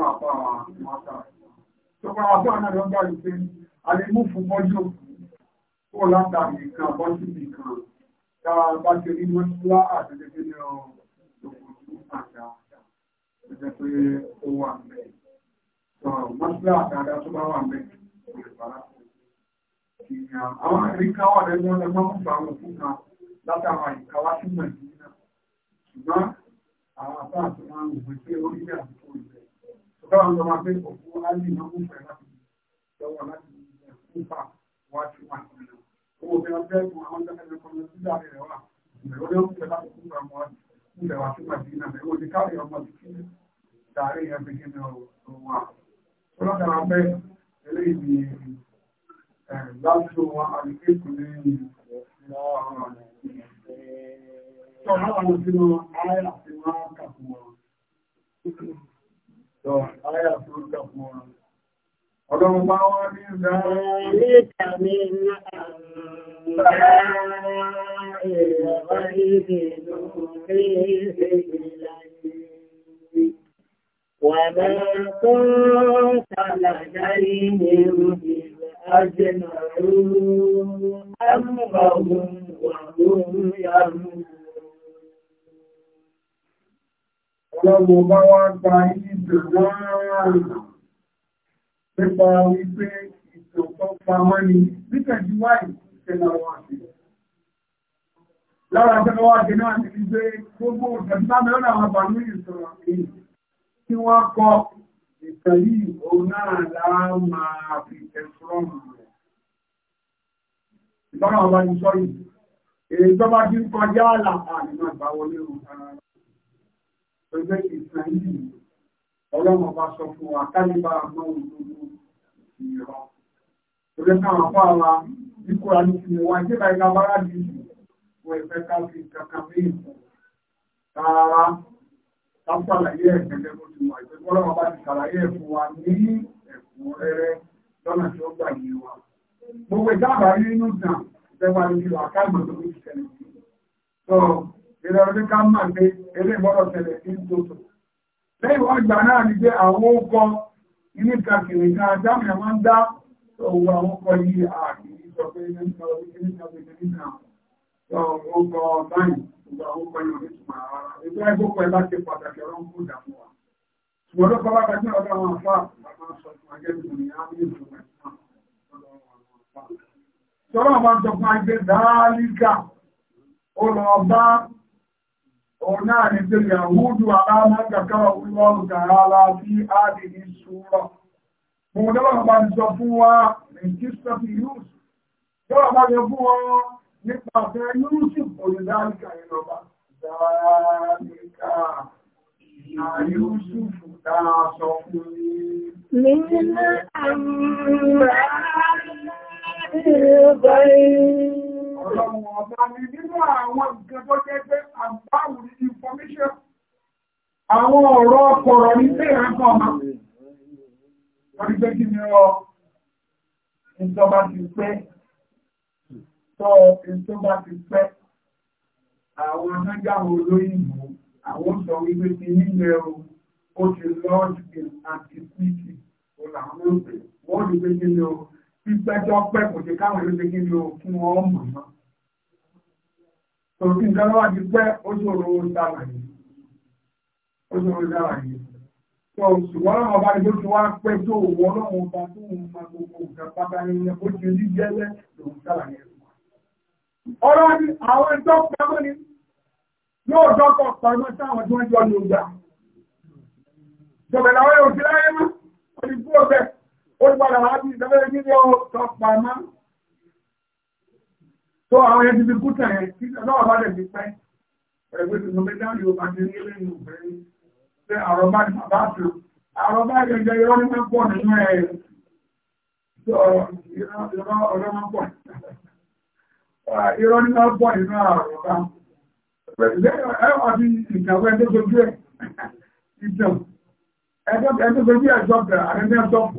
S1: wà fún àwọn àjọ ń gbà yìí a lè mú fún mọ́jú kó látàrí nǹkan bọ́ sí nìkan tá a bá ti rí mọ́sílá àtẹ̀lẹ́gbẹ́ ní ọ̀dọ̀kùnjú àdá tó jẹ́ pé ó wà mẹ́ mọ́sílá àtàdá tó bá wà mẹ́ kò lè bára àwọn àríkà wà lẹ́nu ọ̀dọ̀ máa ń gba àwọn òkú kan látara ìkàwá sí nàìjíríà ṣùgbọ́n àwọn àbá àti máa ń wò pé orílẹ̀ àdúgbò rẹ̀ ṣùgbọ́n àwọn ọmọ pé òkú á lè máa ń fẹ́ láti lọ́wọ́ láti kufa watu wa Sunna. Kwa hiyo pia tunaanza katika kuanzia ile wala. Ndio leo tunataka kufunga mwaka ule wa Sunna dina na hiyo dikari ya masikini tarehe ya pekee wa. Kwa hiyo naomba ile ni eh, lazima wa alikitu ni
S2: So hawa wanasema haya
S1: asimaka kwa. So haya asimaka kwa. Ọlọ́run bá wọ́n ní ìrìnà وما كنت لديهم إذ أجمعوا أمرهم وهم يمنون Ọlọ́run bá wá gba ìdìbò náà nípa wípé ìṣòkan pamọ́ ni nítẹ̀síwá ìṣẹ̀lẹ̀ àwọn àti. Lára ìṣẹ̀lẹ̀ wá jẹ náà ti gbé gbogbo ìṣẹ̀lẹ̀ mẹ́rin àwọn àbàmí ìṣòro èyí tí wọ́n kọ ìtẹ̀lí òun náà láà máa fi ẹ̀fọ́rọ̀mù rẹ̀. Ìbára ọba ni sọ́yìn. Èyí tó bá ti ń kọjá àlàpà nínú àgbáwọlé òun ara rẹ̀. Ẹgbẹ́ ìṣẹ̀lẹ̀ ọlọ́run bá sọ fún wa kálíbà mọ́ òdodo ìrọ̀. Òde káwọn fún àwa bí kúra ní ti wá jẹ́ báyìí lábára bí wọ ìfẹ́ ká fi kankan bí ìfọ̀. Tààrà tápàlàyé ẹ̀kẹ́kẹ́ bó ti wà ìfẹ́ ọlọ́run bá ti ṣàlàyé ẹ̀ fún máa gbé eré ìmọ̀rọ̀ ṣẹlẹ̀ sí tòótọ́ lẹ́yìn wọ́n gbà náà ní pé àwọn ọkọ̀ inú kàkìrì kan dámìnà wọ́n ń dá owó àwọn ọkọ̀ yìí àti sọ pé nínú ọkọ̀ báyìí gbogbo àwọn ọkọ̀ yìí òní túnmọ̀ ara ètò ẹgbọ́kọ̀ ẹ bá ti pàtàkì ọ̀rọ̀ ń kó dàmú wa ṣùgbọ́n ló kọ́lá kájú ọ̀dọ̀ àwọn afá bàbá sọ fún agẹ́gùn ní àmì ìfúnmẹ̀ sọ̀rọ̀ àwọn àjọpọ̀ àjẹ́ dáálíkà ó lọ bá òun náà ní pé yahudu aláàmọ́gbàkáwà olúwọ́rù tààlà sí àdì ní ṣúrọ̀ mo dọ́wọ́ bá ti sọ fún wa ní kíṣọ́fì yusuf dọ́wọ́ bá jọ fún wọn nípa fẹ́ yusuf olùdáríkà ìlọ́ba dáríkà Yusuf tá a sọ fún mi. Nínú àmì rẹ̀ sí ìrìn Ọlọ́run ọba ni nínú àwọn nǹkan tó jẹ́ pé àbáwò ní information, àwọn ọ̀rọ̀ ọkọ̀rọ̀ ní pé ẹ̀kọ́ ọmọ. Wọ́n ti gbé kí ni ọ, ìjọba ti pẹ́, tọ́ ìjọba ti pẹ́, àwọn anájáwò olóyìnbó, àwọn sọ wípé ti nílẹ̀ o, ó ti lọ́ọ̀dì àti pìtì, ó làwọn gbígbẹ́jọ́ pẹ́ kò jẹ́ káwọn ìlú gbégé ní okun wọn mọ̀mọ́. Tòkí nǹkan lọ́wọ́ ti pẹ́ ó ṣòro sàlàyé. Ó ṣòro sàlàyé. Sọ ṣùgbọ́n náà ọba ni bó ti wá pẹ́ tó wọ́n náà ọba tó ń ma gbogbo nǹkan pátá ní ilẹ̀ bó ti rí gẹ́lẹ́ lòun sàlàyé. Ọ̀rọ̀ ni àwọn ẹjọ́ pamọ́ ni yóò dọ́kọ̀ pamọ́ sáwọn tí wọ́n jọ lò gbà. Jọ̀bẹ̀ làwọn èrò ti láyé mọ́, ó padà wá bí ìdábẹ́rẹ́ nílé ọ̀tọ̀ pàmá tó àwọn ẹni bí kúta ẹ̀ tí ọlọ́wọ́ bá dẹ̀ ti pẹ́ ẹgbẹ́ tuntun bẹ́ dáhùn yóò máa ti ní ilé ìlú bẹ́ẹ̀ pé àrọ̀ bá ti bàbá tó àrọ̀ bá yẹ jẹ irọ́ nípa pọ̀ nínú ẹ̀ irọ́ ọ̀rọ̀ máa pọ̀ irọ́ nípa pọ̀ nínú àrọ̀ bá ẹ̀ wà bí ìjàwó ẹ̀ tó sojú ẹ̀ ìjọ ẹ̀ tó sojú ẹ̀ jọ̀bẹ̀ àrẹ́mẹ́ jọ̀bù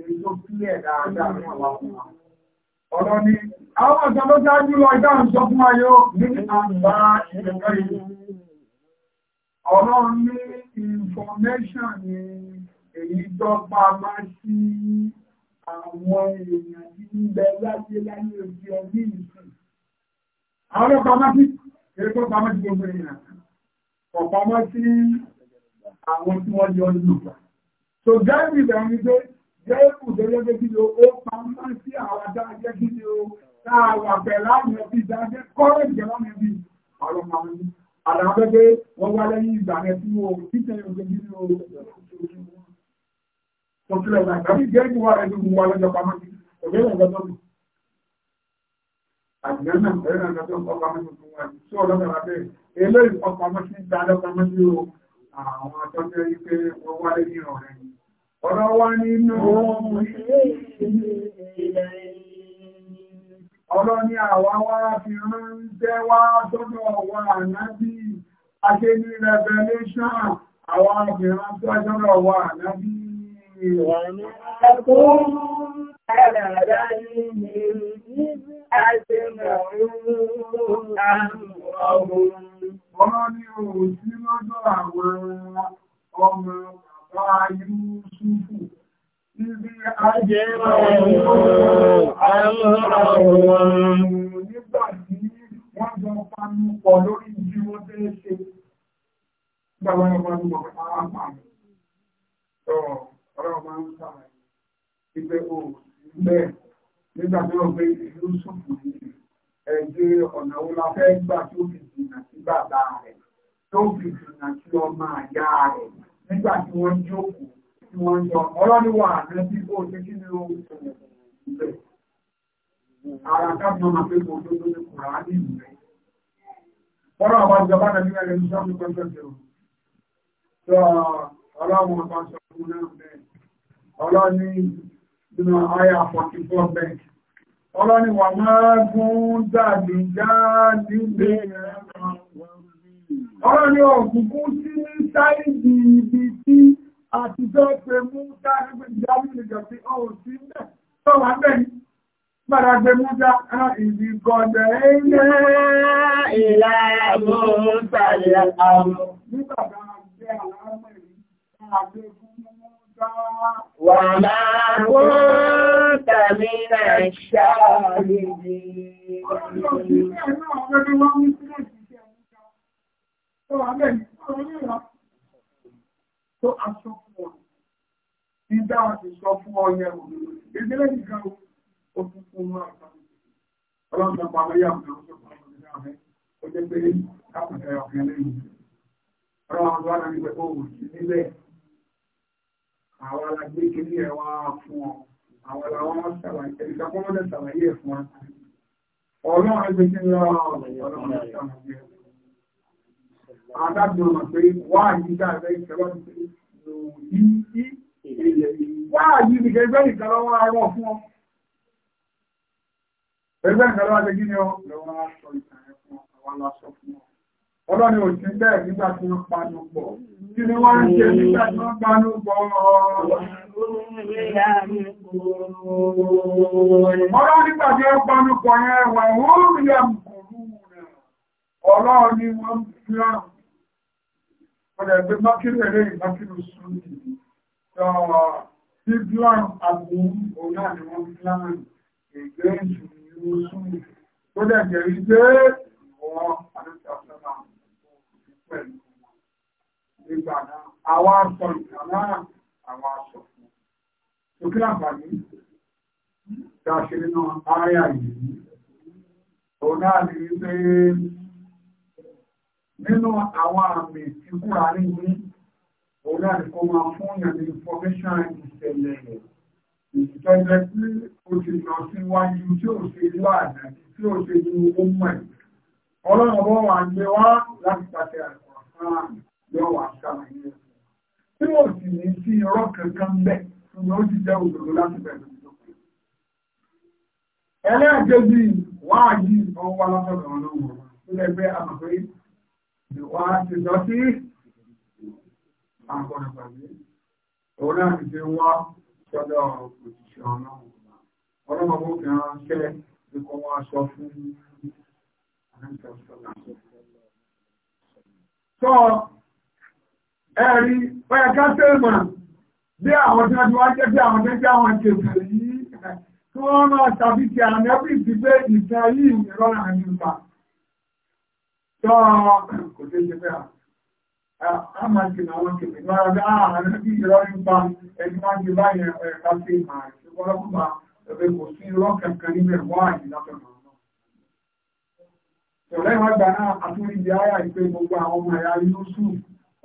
S1: èyí tó kílẹ̀ ọ̀rọ̀ ni àwọn ọ̀sán ló dájú lọ ìdáhùn sọ fún ayọ́ ní àgbà ìrẹ̀kọ́ yìí. ọ̀rọ̀ ní information ni èyí tó máa sí àwọn èèyàn ń bẹ láyé láyé òkè ọdún ìsìn. àwọn ọ̀pá máa ti èyí tó pa gbogbo èèyàn ọ̀pá máa sí àwọn tí wọ́n yọ lù. so gáàbì Jẹ́kù gẹ́gẹ́ bí kí ni ó pa máa sí àwọn adájẹ́ kí ni ó táàwà pẹ̀lú àwọn ẹbí ìdájẹ́ kọ́rọ̀ ìjẹ́ láwọn ẹbí ọ̀rọ̀ máa ń ní. Àdàbẹ́gbẹ́ wọ́n wá lẹ́yìn ìgbà rẹ̀ tí wọ́n títẹ̀ ìrògbé kí ni ó tó kílẹ̀ náà. Tàbí jẹ́kù wà rẹ̀ ní gbogbo alẹ́jọ́ pamọ́ sí ọ̀gẹ́ ìrọ̀gbọ́dọ́ mi. Àdìgbẹ́ náà ẹ̀rọ ìrọ̀gbọ́dọ́ ọ̀pá mẹ́rin tó wà ní sọ́ọ̀lọ́ Eléyìí ọ̀pá mọ́ sí ìdálọ́pá mọ́ sí àwọn àtọ́jọ́ yìí pé wọ́n wá lé ní ọ̀rẹ́ ọ̀rọ̀ wá nínú ọ̀rọ̀ ni àwa wá fi ránṣẹ́ wá tọ́dọ̀ wa ànábí ní revelation àwa fi ránṣẹ́ tọ́dọ̀ wa ànábí Ọmọ ni ọmọ يوسف إذ أجمعوا أمرهم nígbà tí wọ́n jọ panu pọ̀ lórí ibi wọ́n tẹ́ ṣe gbàgbà ọmọ ọmọ ọmọ ọ̀rọ̀ máa ń sàrẹ̀ ìgbẹ́ o bẹ́ẹ̀ nígbà tí wọ́n gbé ìlú sùkù yìí ẹ̀jẹ̀ ọ̀nà wo la fẹ́ gbà tó fi dìnnà sí bàbá rẹ̀ tó fi dìnnà sí ọmọ àyá rẹ̀ nígbà tí wọ́n jókòó tí wọ́n jọ ọlọ́niwà àná tí ó ṣe kí ni ó ṣẹlẹ̀ ara káàkiri máa pé kò tó tó ní kùrà á ní ìrẹ́ fọ́nà àwọn ìjọba náà nígbà lẹ́nu sọ́ọ̀mù pẹ́pẹ́ jẹun tó ọlọ́run ọba sọ fún náà bẹ́ẹ̀ ọlọ́ni nínú àyà 44 bẹ́ẹ̀ ọlọ́ni wà máa gún dàbí jáde lẹ́yìn ẹ̀rọ ọ̀rọ̀ ni ọ̀gùnkún sí ní sáìdì ibi tí a ti fẹ́ pé mú dárígbé ìyáwó ìjọ sí ọ̀hún sí mẹ́ tó wà bẹ́ẹ̀ ni gbára gbé mú dá ìbí gọ̀dẹ̀ ilẹ̀ ìlà àbúrúsàlẹ̀ àwọn nígbà bá gbé àlámọ̀ yìí àgbé fún mú dá wà máa kó tàbí náà ṣáà lè dì í. ọ̀rọ̀ ìgbà náà ọ̀rẹ́ tó wà bẹ́ẹ̀ tó aṣọ fún wọn ní dáa ti sọ fún ọyẹ wọn ìdílé nìkan ó tún fún wọn àgbà ọlọ́run náà pàmò yà wọn ọjọ́ pàmò nígbà rẹ ó jẹ́ pé káàkiri ọ̀kẹ́ lẹ́yìn ọlọ́run tó wà náà nígbà tó wù sí níbẹ̀ àwọn alágbé kiri ẹ̀ wá fún ọ àwọn làwọn àdájọ́ ọ̀nà pé wá yí dáadáa ìṣẹ́wọ́n ti lòdì sí ilẹ̀ wá yí nìkan ẹgbẹ́ nìkan lọ́wọ́ arọ́ fún ọ. ẹgbẹ́ nìkan lọ́wọ́ adégí ni ọ lọ́wọ́ aṣọ ìtàn ẹ̀ fún ọ àwọn aláṣọ fún ọ. ọlọ́ni ò sí bẹ́ẹ̀ nígbà tí wọ́n panu pọ̀ kí ni wọ́n ń ṣe nígbà tí wọ́n panu pọ̀. ọlọ́run nígbà tí wọ́n panu pọ̀ yẹn wà wọ́n rí àmùkòrú rẹ̀ ọlọ́run ni wọ́n fi àmù ọ̀dẹ̀ pé mákìrì ẹ̀rẹ́ ìmákìrì sùúrù tí plan agbóhùn òun náà ni wọ́n plan ìgbé ìṣòro sùúrù tó dẹ̀ jẹ́ rí pé ìwọ̀n àdúgbàsọ́nà pẹ̀lú nígbà náà àwọn aṣọ ìgbà náà àwọn aṣọ fún òkè àǹfààní tá a ṣe nínú ààrẹ àyè òun náà ni wípé nínú àwọn àmì ìfúra ní ní òun náà kó máa fún yàn ní information ìṣẹ̀lẹ̀ ìṣẹ̀lẹ̀ tí ó ti lọ síwájú tí ó ṣe ní àdá tí ó ṣe ní ọmọ ẹ̀ ọlọ́run bọ́ wà gbé wá láti pàṣẹ àìsàn náà yóò wà ṣàlàyé ẹ̀ tí ó sì ní sí irọ́ kankan bẹ́ẹ̀ ṣùgbọ́n ó ti jẹ́ òdòdó láti bẹ̀rẹ̀ ẹlẹ́ẹ̀kejì wáyé ọwọ́ alásọ̀rọ̀ ọlọ́run ó lẹ́gbẹ́ àmọ̀ pé ìwà àtijọ́ sí àwọn àgbàgbé òun náà ti fi wá sọ́dọ̀ òṣìṣẹ́ ọlọ́run ọlọ́mọbó fi ránṣẹ́ bí kò wọ́n aṣọ fún sọ ẹ̀rí pẹ̀ká tẹ́lẹ̀mọ̀ bí àwọn tí wọ́n ti wá jẹ́ bí àwọn tẹ́jẹ́ àwọn kèfèrè yìí tí wọ́n máa tàbí ti àmì ẹ́bí ìdígbé ìfẹ́ yìí ìrọ́nà àmì ìgbà tí wọ́n rán wọn kò tó a máa jìnà wọn kì í lọ́rọ̀ bí ààrẹ bí ìrọ́ nípa ẹni máa jẹ báyẹn ẹ̀ka sí ìmọ̀ àti ọlọ́pàá ẹgbẹ́ kò sí irọ́ kankan níbẹ̀ wọ́n àyè látọ̀nà náà. Ṣọ̀rẹ́ ìwọ̀n gbà náà àtúndì ayà ìpé gbogbo àwọn ọmọ ẹ̀yà Yusuf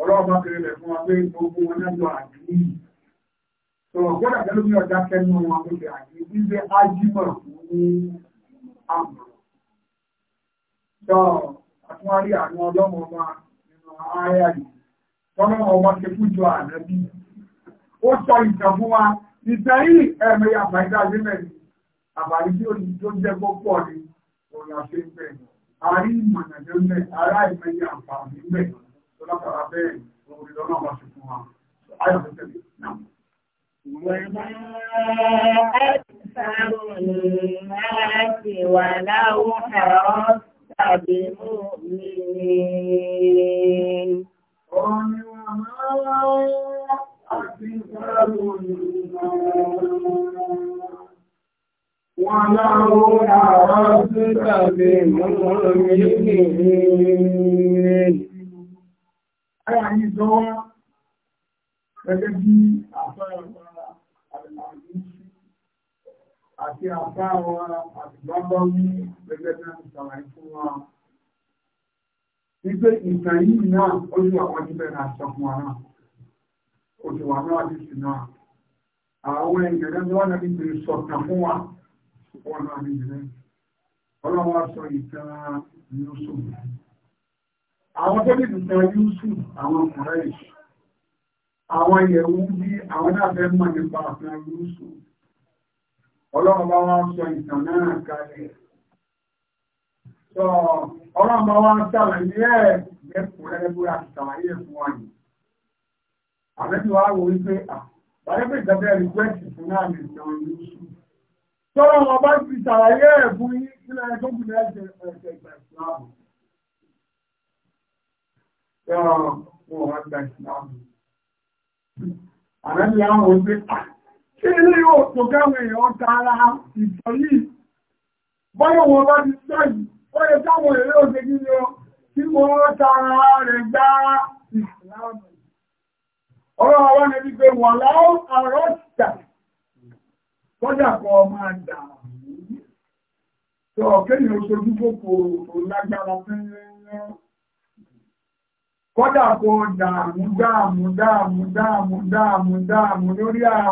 S1: ọlọ́ọ̀bá kiri rẹ̀ fún wa pé gbogbo wọn náà lọ àdúgbì. fún àmọ̀. Sọ̀rọ̀ tún rí àwọn ọlọ́mọ ọba nínú ààyà yìí tọ́lọ́mọ ọba ṣe fújọ ànábì ó sọ ìtàn wa ìtàn yìí ẹ̀mí àbájá lẹ́mẹ̀rì tí ó ní tó jẹ́ pọ́pọ̀ ni ọ̀nà ṣe ń bẹ̀ ìmọ̀nà jẹ́ ará ìmẹ̀yẹ àǹfààní ń bẹ̀ bẹ́ẹ̀ òun lọ́nà ọba wa وما أكثر الناس ولو حرصت بمؤمنين وما أكثر ولو عرفت بمؤمنين أي عزوة فلدي أعطاها àti àbá wa àti bábá wí gẹ́gẹ́ bí wọ́n ṣàlàyé fún wa. Wípé ìtàn yìí náà ó ní àwọn jíbẹ̀ náà sọ fún wa náà. Oṣù wa náà ti sì náà. Àwọn ìgbẹ̀rẹ́ tí wọ́n náà ti bèrè sọ̀tàn fún wa. Wọ́n náà ní ìrẹ́. Ọlọ́run wa sọ ìtàn Yusuf. Àwọn tó ní ìtàn Yusuf, àwọn Kùrẹ́ṣ. Àwọn ìyẹ̀wù bí àwọn náà fẹ́ mọ̀ nípa àfihàn Yusuf ọlọ́run bá wá ń sọ ìtàn náà kalẹ̀ sọ ọlọ́run bá wá ń sàlàyé ẹ̀ lẹ́kùnrẹ́rẹ́ bóyá ti sàlàyé ẹ̀ fún wa yìí àbẹ́tí wàá wò wípé àbáyébẹ̀ ìjọba ẹ̀ rìkwẹ́sì fún náà lè sọ yìí sùn sọ́rọ̀ wọn bá ti sàlàyé ẹ̀ fún yín nílẹ̀ tó kù ní ẹ̀jẹ̀ ẹ̀jẹ̀ ìgbà ìsìláàmù sọ́rọ̀ wọn bá gba ìsìláàmù àbẹ́tí wàá wò wípé kí ilé yóò tó gáwọn èèyàn dára ìjọ yìí bọ́yọ̀ wọn bá ti sọ yìí ó yẹ káwọn èrè òde kí ni ó tí wọ́n tara rẹ̀ gbá ìsìláàmù ọ̀rọ̀ àwọn ẹni pé wọ̀n láwọ́ àrọ́sìtà kọ́jà kọ́ máa dà tó ọ̀kẹ́yìn oṣojú kòkòrò kódà kó dààmú dààmú dààmú dààmú dààmú lórí àwọn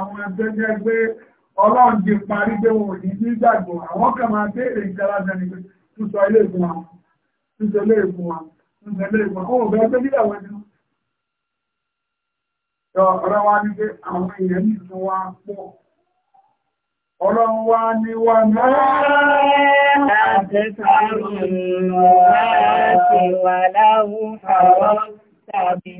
S1: ọlọ́run parí pé ní ní àwọn kan máa béèrè ìtẹ́lájẹ́ pé túnṣọ ilé ìfún wa wa ọlọ́run wá ní náà tàbí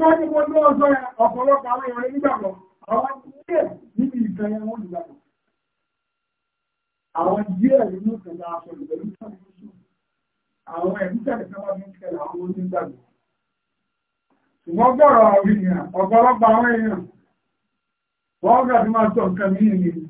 S1: Tọ́jú mo ní ọjọ́ ọ̀pọ̀lọpọ̀ àwọn èèyàn nígbàgbọ́, àwọn díẹ̀ níbi ìfẹ́ wọn nígbàgbọ́. Àwọn díẹ̀ nínú ìfẹ́lá aṣọ ìgbẹ̀lú sọ́dún àwọn ẹ̀mí tẹ̀lé fẹ́ wọ́n ní ìfẹ́lá àwọn onígbàgbọ́. Ṣùgbọ́n gbọ́rọ̀ ọ̀rìn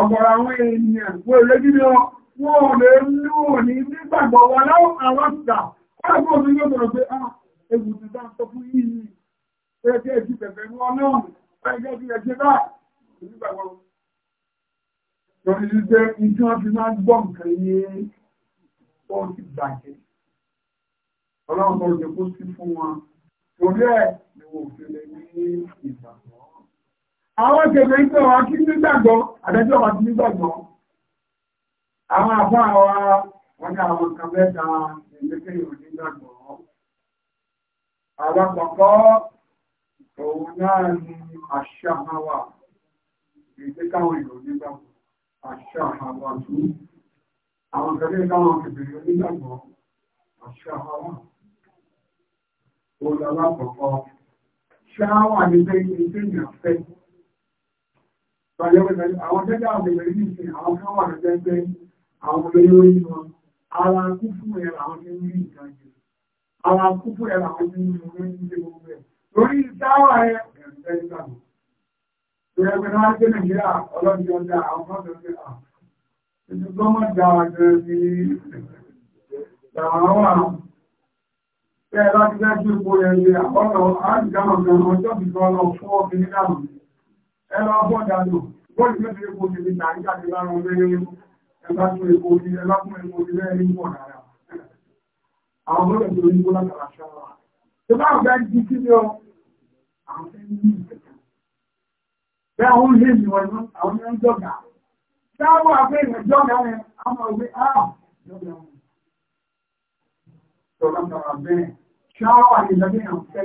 S1: ọ̀gọ̀rọ̀ àwọn ènìyàn wo èrè gídí wọn wọ́n lè lú òní nígbàgbọ́ wọn láwọn àwọn ìgbà ọ̀pọ̀ òní yóò bọ̀rọ̀ pé ah, ewu ti dá sọ fún yìí ẹgbẹ́ ẹ̀jì bẹ̀bẹ̀ wọn náà ẹgbẹ́ ẹ̀jì ẹ̀jì bá nígbàgbọ́ lórí wípé ìjọ fi máa ń gbọ́ nǹkan yé wọ́n ti bàjẹ́ ọlọ́run tó lè kó sí fún wọn torí ẹ̀ ni wọ́n fi lè ní ìgbàgbọ́ àwọn jẹ̀bẹ̀ ń tọ́wà kí nígbàgbọ́ àdájọ́ wà kí nígbàgbọ́ àwọn àbá wa wọ́n ní àwọn kan mẹ́ta ìlẹ́kẹ́ ìrò nígbàgbọ́ alákọ̀ọ́kọ́ òun náà ni àṣàháwà èdè káwọn ìrò nígbàgbọ́ àṣàháwà tó àwọn kan mẹ́ta wọn kẹ̀bẹ̀rẹ̀ nígbàgbọ́ àṣàháwà òun alákọ̀ọ́kọ́ ṣáwà ní bẹ́ẹ̀ ní bẹ́ẹ̀ Àwọn tẹ́jà àbẹ̀rẹ̀ ní ìsìn àwọn àwọn olóyìn wọn, ara kú fún ẹ̀rọ àwọn tí ń rí ìdájẹ́. Ara kú fún ẹ̀rọ àwọn tí ń rí ìdájẹ́ gbogbo ẹ̀. Lórí ìdáwà ẹ̀ ẹ̀rùn tẹ́ ìgbàmù. Ìrẹ́gbẹ̀ náà jẹ́ Nàìjíríà ọlọ́dún ọjà àwọn ọmọdé ọjà. Ìjọba dáwà jẹ́ ní ìdáwà. Ẹ̀rọ ti jẹ́ kí ọjọ́ ìgbọ́lọ̀ fún ẹ̀rọ bọ́dàlù bọ́ọ̀lù mẹ́fẹ́ epo ti lè tàrí jáde lára ọlẹ́rẹ́ ẹgbá tún epo ti ẹlákún epo ti lẹ́rin pọ̀ dára àwọn bọ́ọ̀lù tó ní bọ́lá kàrà ṣọ́ra tó bá ọ̀gá jí kí ni ọ àwọn fẹ́ ní ìfẹ̀kẹ́ bẹ́ẹ̀ àwọn ilé mi wọ́n àwọn ẹ̀rọ jọ̀gà táwọn àgbẹ̀ ìrìn jọ̀gà rẹ̀ àwọn òwe á jọ̀gà wọn tọ́lá kàrà bẹ́ẹ̀ ṣáwà ìlàgbé àwọn fẹ́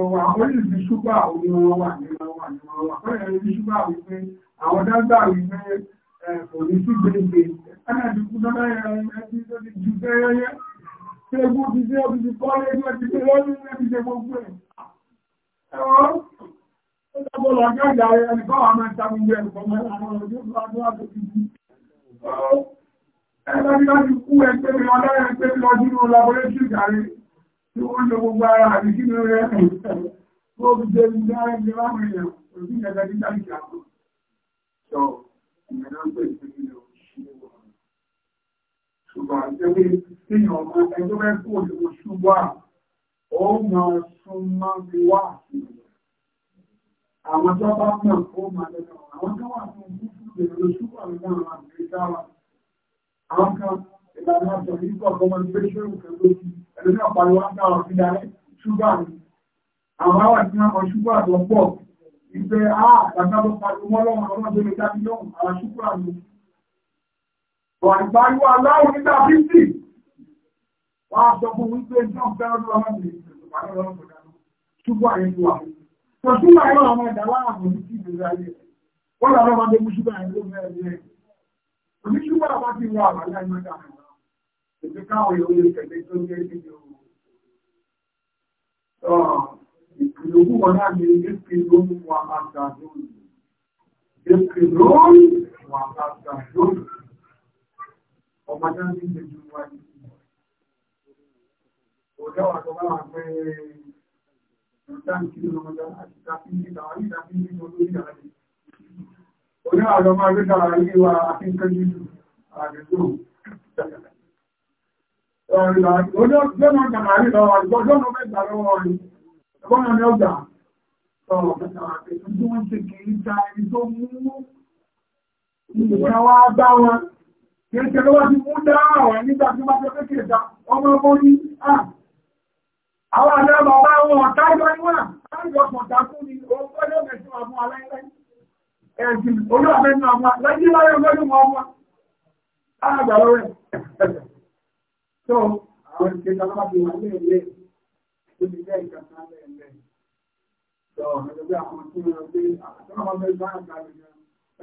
S1: ẹ̀wọ̀n àwọn ìlú ṣúgbà òní wọn wà ní wọn wà ní wọn wà fẹ́rẹ̀ ìlú ṣúgbà wípé àwọn dágbà wípé kò ní sí gbèǹgbè ẹnàdìkú lọ́dá ẹni tó ti ju fẹ́rẹ́yẹ́ tí egbó ti ṣe ó ti ti kọ́ lé ẹgbẹ́ ti ṣe ti kú ẹgbẹ́ mi ọlọ́rẹ̀ ẹgbẹ́ mi lọ́dún ní ọlọ́rẹ̀ Ìwọ́nà gbogbo ara àti kí ní rẹ̀ tó bí jẹ́ ní ara ẹgbẹ́ láwọn èèyàn òbí ìjẹta ní tàbí àpò. Sọ, ìrìnà ń pè sí ilẹ̀ òṣìṣẹ́ ṣùgbọ́n àjẹ́wé tí yàn ọmọ ẹgbẹ́ bẹ́ẹ̀ kò lè wo ṣùgbọ́n ó máa sún máa fi wá sí ilẹ̀. Àwọn tó bá mọ̀ ó máa lẹ́nu àwọn tó wà fún gúúsù lè lo ṣùgbọ́n àwọn àwọn àgbẹ̀ dáwà. Àwọn kan ìlànà ẹ̀lú náà pariwo ń dáwọn sí dalẹ́ ṣúgbà ní àwọn àwọn tí wọ́n kọ ṣúgbà tó pọ̀ ìgbé àgbàgbà pariwo mọ́lọ́wọ́n ọlọ́dún lè dá nínú àwọn ṣúgbà ní ọ̀gbáríwá aláwọ̀ nígbà fífì wọ́n á sọ fún wípé john fẹ́ràn lọ́wọ́ ṣúgbà yẹn ti wà kò ṣúgbà yẹn àwọn ẹ̀dá láàbò ní kí ìgbésí ayé wọ́n lọ́wọ́ máa dé mú ṣúgbà yẹn ló fẹ́ẹ́ ìdí káwọn yóò lè tẹ̀lé tó ní ẹgbẹ́ ìlú ìpìlógún wọn náà ní ìpìlógún wọn àgbà lónìí ìpìlógún wọn àgbà wa àti ìtàkì ìtàkì Ìgbàwà bá wọn, kí é ṣe lọ́wọ́ ti mú dára wà nígbà tí wọ́n tẹ́ kéèkéèta, ọmọ ọmọ ní àà. Àwọn àdábà bá wọn ọ̀tá ìgbà níwà, láìjọ ọ̀tá fún ni, ó gbọ́dọ̀ mẹ́sí wà fún aláìlẹ́. Ẹ̀sìn, olú àmẹ́nu àwọn, láìjí láyé ọgbọ́dọ̀ tó àwọn ìṣẹ́ta lọ́wọ́ ti wà ní ilé tó ti jẹ́ ìkàtà lẹ́ẹ̀lẹ́ tó ẹgbẹ́ àwọn tí wọ́n gbé àwọn ọmọ ẹgbẹ́ bá àgbà lẹ́yìn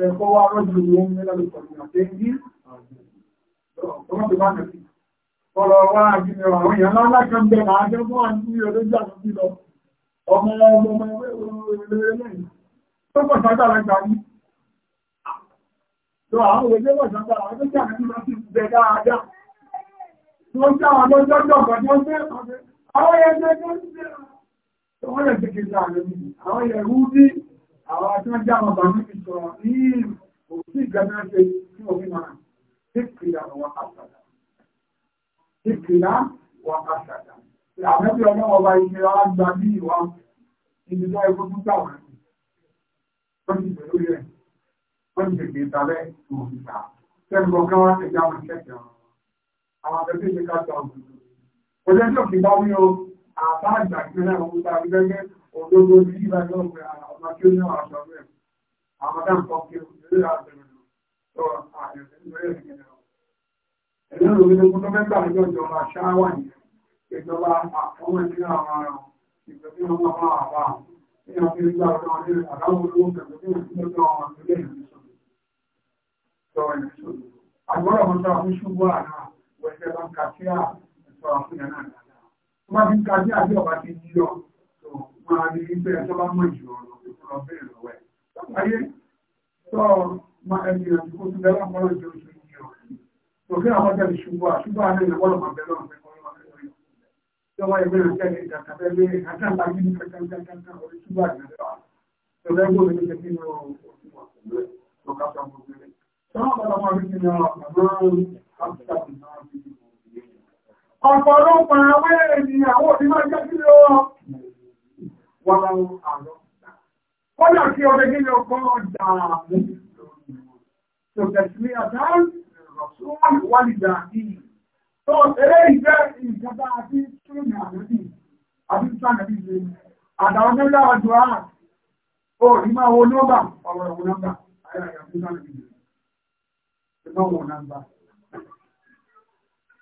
S1: ẹ̀kọ́ wa rọ́jù ló ń mẹ́lá ló pọ̀jù àti ní ọ̀pọ̀lọpọ̀ bá nàbí ọ̀rọ̀ wa àgbìnrin àwọn èèyàn ńlá kan bẹ̀ máa jẹ́ fún àti olójú àtúntì lọ ọmọ ọmọ ọmọ ẹgbẹ́ lẹ́yìn tó pọ̀ sáńtà lágbà ní tó àwọn òwe lé pọ̀ sáńtà àwọn tó kí àkàtúntì bẹ̀ dáadáa wọ́n já àwọn ọjọ́ jọ̀gbọ̀n tó ń fẹ́ àwọn ẹgbẹ́ tó ń fẹ́ wọ́n lè tẹ́kẹ̀ ti pẹ̀lú rẹ̀ wọ́n ti tẹ̀kẹ̀ ìtàlẹ́ òfìsà tẹ́lú ọkọ̀ wá tẹ̀kẹ̀ àwọn ìṣẹ́kẹ̀ àwọn akẹ́kẹ́ ṣe káàkiri àwọn òṣèlú. Kò jẹ́ tí òkè bá wí o, àbá àgbà ìpínlẹ̀ àwọn òṣèlú àti gẹ́gẹ́ òdodo sí ìgbà tó ń pè ọmọ kí ó ní àwọn àṣọ rẹ̀. Àwọn ọ̀dà ń kọ́ kí ó ní ìlú àti ìrìnà. Sọ àyẹ̀wò ìlú rẹ̀ nìyẹn. Ẹ̀yìn olùdókòwò tó mẹ́ta àjọ ìjọba ṣáwà nìyẹn. Ìjọba àwọn ìdílé àwọn ará ìgbẹ́ tí wọ́n máa máa wà. Ìyàn fi gbà ọ̀dọ́ ọdún àdáwọ̀ olówó pẹ̀lú bí wọ́n ti lọ́jọ́ àwọn ìdílé ìrìnà. Sọ ìrìnà. Àgbọ̀rọ̀ mọ́ta fún ṣùgbọ́n àná wẹ̀sẹ̀ bá ń ka sí à ẹ̀sọ́ àfúnyà náà dáadáa. tó ti ń ka sí àbí ọba ti yí ọ tó máa ní ibẹ̀ tó bá mọ̀ jù ọ̀rọ̀ tó lọ bẹ́ẹ̀ lọ wẹ̀. láyé tó máa ẹni ìrìnàjò kó tún bẹ́ẹ̀ láwọn ọ̀rọ̀ ìjọ oṣù yìí ọ̀ tó kí àwọn ọ̀tẹ̀ ṣubú à ṣubú àná ìyẹn wọ́n máa bẹ́ẹ̀ lọ́wọ́ pé kọ́ Tọ́wọ́ ìwé ìrìnàjẹ́ ìdàkàbẹ́ lé àtàlà yìí kankan orí ṣubú àgbẹ̀dẹ̀ wa. Ọ̀pọ̀lọpọ̀ àwọn ènìyàn àwọn òbí máa jẹ́ kí ló wọ́n láwọn àlọ́. Kọ́lá kí ọdẹ kí ló kọ́ ọjà àmú. Tòkẹ̀sílẹ̀ àdáwò ìrọ̀sùn wà nígbà yìí. Tó eré ìjẹ́ ìjọba àti túnmí àmúdì àti túnmí ìlú. Àdáwọ̀ mẹ́ta ọjọ́ àà. Ó rí máa wo nọ́mbà ọ̀rọ̀ ìwọ̀n nọ́mbà. Ayọ̀ àyà fún náà nìyí. Ìgbọ́n wọn nọ́mbà.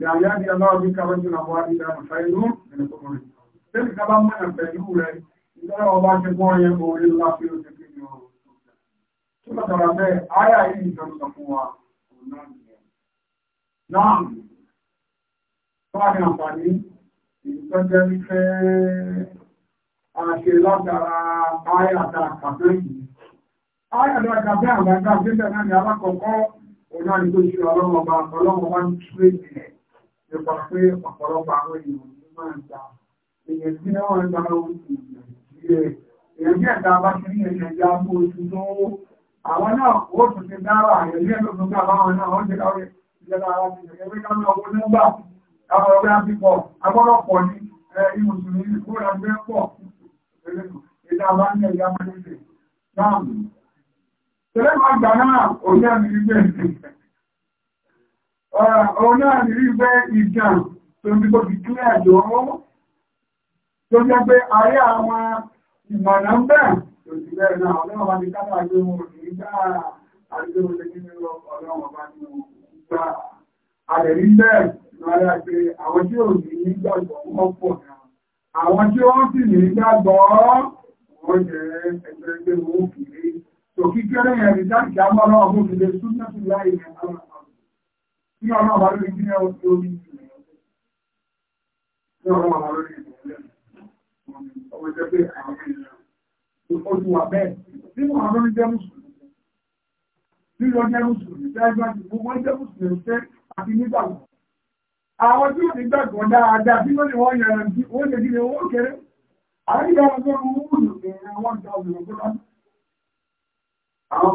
S1: Ìyáàdì aláwọ̀bí káwọ́jú na wà nígbà àfáìlú ẹnìkọ́kùnrin. Tẹ́lì ká bá mọ́nà pẹ̀lú rẹ̀, ìjọba ọba ṣe gbọ́ yẹn mọ́ orí ńlá fi ó ti fi ní ọ̀rọ̀. Tó lọ́tọ̀rọ̀ bẹ́ẹ̀, ayà yìí ìjọ sọ fún wa, ọ̀nà nìyẹn. Náà, tó wà ní àǹfààní, ìtọ́jẹ́ wípé àṣẹ látara ayà ta kàfẹ́ yìí. Ayà ta kàfẹ́ àgbàgbà gbẹ́gbẹ̀ náà ni alákọ̀ọ́kọ́, ọ̀nà ni tó ṣe ọlọ́mọba, ọlọ́mọba ń túwé ìlẹ̀. ihe pé ọ̀pọ̀lọpọ̀ àwọn èèyàn ló máa ń ta èèyàn tí ihe ń gba ohun ìrìnàjò èèyàn bí otu bá ti rí èèyàn já mú oṣù tó àwọn náà ó tún ti Ọ̀rọ̀ náà ní rí bẹ́ ìdàn tó ń bí tó fi kílẹ̀ àjò ọmọ. Tó jẹ́ pé ayé àwọn ìmọ̀nà ń bẹ̀ tó ti bẹ̀rẹ̀ náà ọlọ́wọ́ bá ti kápá àjò wọn ní gbà àjò wọn lẹ́gbẹ̀ẹ́ lọ ọlọ́wọ́ bá ti gbà. Àlẹ̀ rí bẹ́ẹ̀ lọ́rẹ́ àti àwọn tí ò ní nígbàgbọ́ wọ́n pọ̀ náà. Àwọn tí wọ́n sì ní nígbàgbọ́ wọ́n jẹ́ ẹgbẹ́ ẹgbẹ́ wọn kìí. Tòkí kéré yẹn ní dáàkì àmọ́ ọlọ́wọ́ bó ti lè súnmọ́ sí láì yẹn ní ọmọ àwọn olórin ní ọjọ́ orí ní ọmọ àwọn olórin ọmọ jẹ́ pé àwọn ènìyàn ojú wà bẹ́ẹ̀ tí wọ́n àwọn olórin jẹ́ mùsùlùmí lílọ jẹ́ mùsùlùmí jẹ́ ẹgbẹ́ àti gbogbo jẹ́ mùsùlùmí jẹ́ àti nígbàgbọ́ àwọn tí ò ní gbàgbọ́ dáadáa bí wọ́n lè wọ́n yẹra bí ó lè dílé owó kéré àwọn ìyá ọgbọ́n wọn wúlò ní àwọn ìjọba ìrọ̀gbọ́n àwọn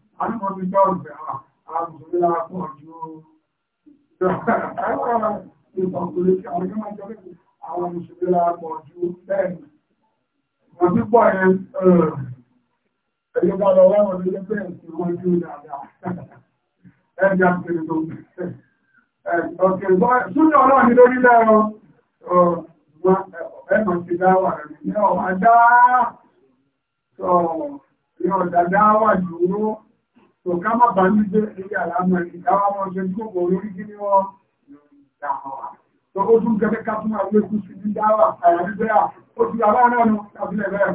S1: àdúgbòbí bọ́ọ̀lù bẹ̀rẹ̀ àbùsùn lára fún ọjọ́ ìpọ̀kùnrin àwọn ọmọ ìjọba àwọn mùsùlùmí lára pọ̀ ju bẹ́ẹ̀ ni wọ́n ti pọ̀ yẹn ẹ̀yọ́ bá lọ wọ́n lè bẹ́ẹ̀ sí wọ́n ju dáadáa ẹ̀jẹ̀ àpèrè tó ọ̀kẹ́ súnjọ́ ọlọ́run ní lórí lẹ́rọ ẹ̀mọ̀ ti dáwà rẹ̀ ní ọ̀wà dáa tó ká má bá ní jẹ́ ilé àlámọ̀ ìdáwà wọn jẹ́ tó kò lórí kí ni wọ́n dáhọ́wà tó ó tún gẹ́gẹ́ ká tún àwọn ẹkùn sí ní dáwà àyàbí bẹ́ẹ̀ ó ti àbá náà nù kábílẹ̀ bẹ́ẹ̀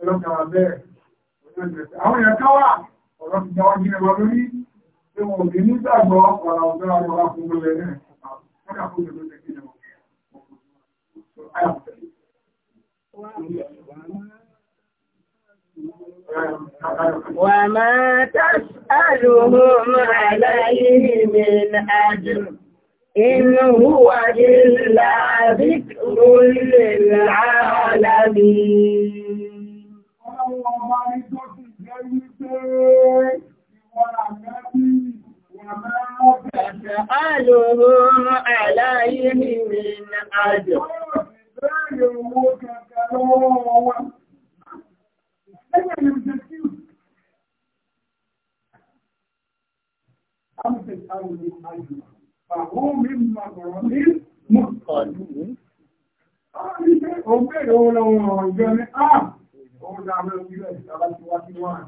S1: ọlọ́kàrà bẹ́ẹ̀ àwọn èèyàn ká wà ọ̀rọ̀ وما تسألهم عليه من أجر إن هو إلا ذكر للعالمين تسألهم عليه من أجر Anyway, you refuse. Amúṣe sáré ní ayò. Bàbá mi máa bọ̀rọ̀ ní mọ̀kànlú. Àwọn ìṣe òbèrè owó lọ́wọ́ ìjọ ní àà. Òun náà mẹ́rin ìjọ ìjọba ti wá sí wọ́n.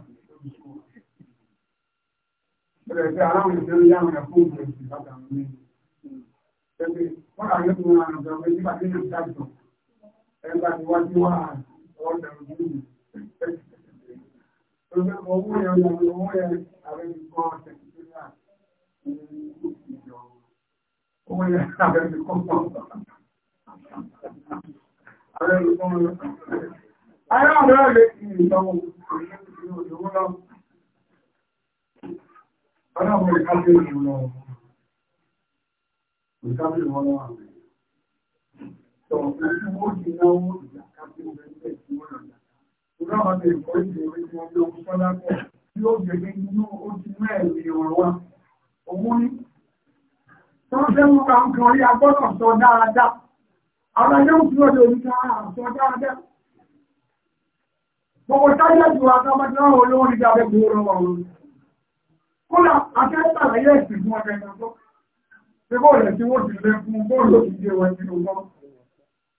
S1: Bẹ̀rẹ̀ pé aláwọ̀ ìṣẹ́lú yáwọn ẹ̀kọ́ òun ẹ̀sìn bàtà mi. Ẹgbẹ́ wọ́n rà ní fún àwọn ọ̀dọ́ ẹgbẹ́ nígbà tí yóò ṣàìsàn. Ẹgbẹ́ àti wá sí wọ́n ọ̀dọ̀ ìlú owó yẹn owó yẹn ààrẹ ìgbọ́ nàìjíríà ní ìjọ owó yẹn ààrẹ ìgbọ́ ààrẹ ìgbọ́ ayé àwọn ọ̀rẹ́ ti ìjọwọ́ ìlú lọ ọlọ́run ìkájẹ́ ìlú lọ ìkájẹ́ ìwọ́n lọ́wọ́ àmì Tọ̀pọ̀ tí wọ́n ti náwó ìjàkájẹ́ ìrẹ́lẹ̀ tí wọ́n lọ́jà ìlànà èkó ìdèrè tí wọ́n bí ohun sọ́lá pọ̀ tí ó gbẹ̀gbẹ̀ inú ojú mẹ́rin ọ̀rọ̀ wa òun ní tó ń fẹ́mú ka ń kan rí agbọ́dọ̀ sọ dáadáa àwọn ẹgbẹ́ òkú ọdẹ oníkà sọ dáadáa gbogbo táyé ju àtàbàtà àwọn olówó ní ìjà abẹ́gbò rọ wà lórí kódà akẹ́kọ̀ọ́ àlàyé ẹ̀sìn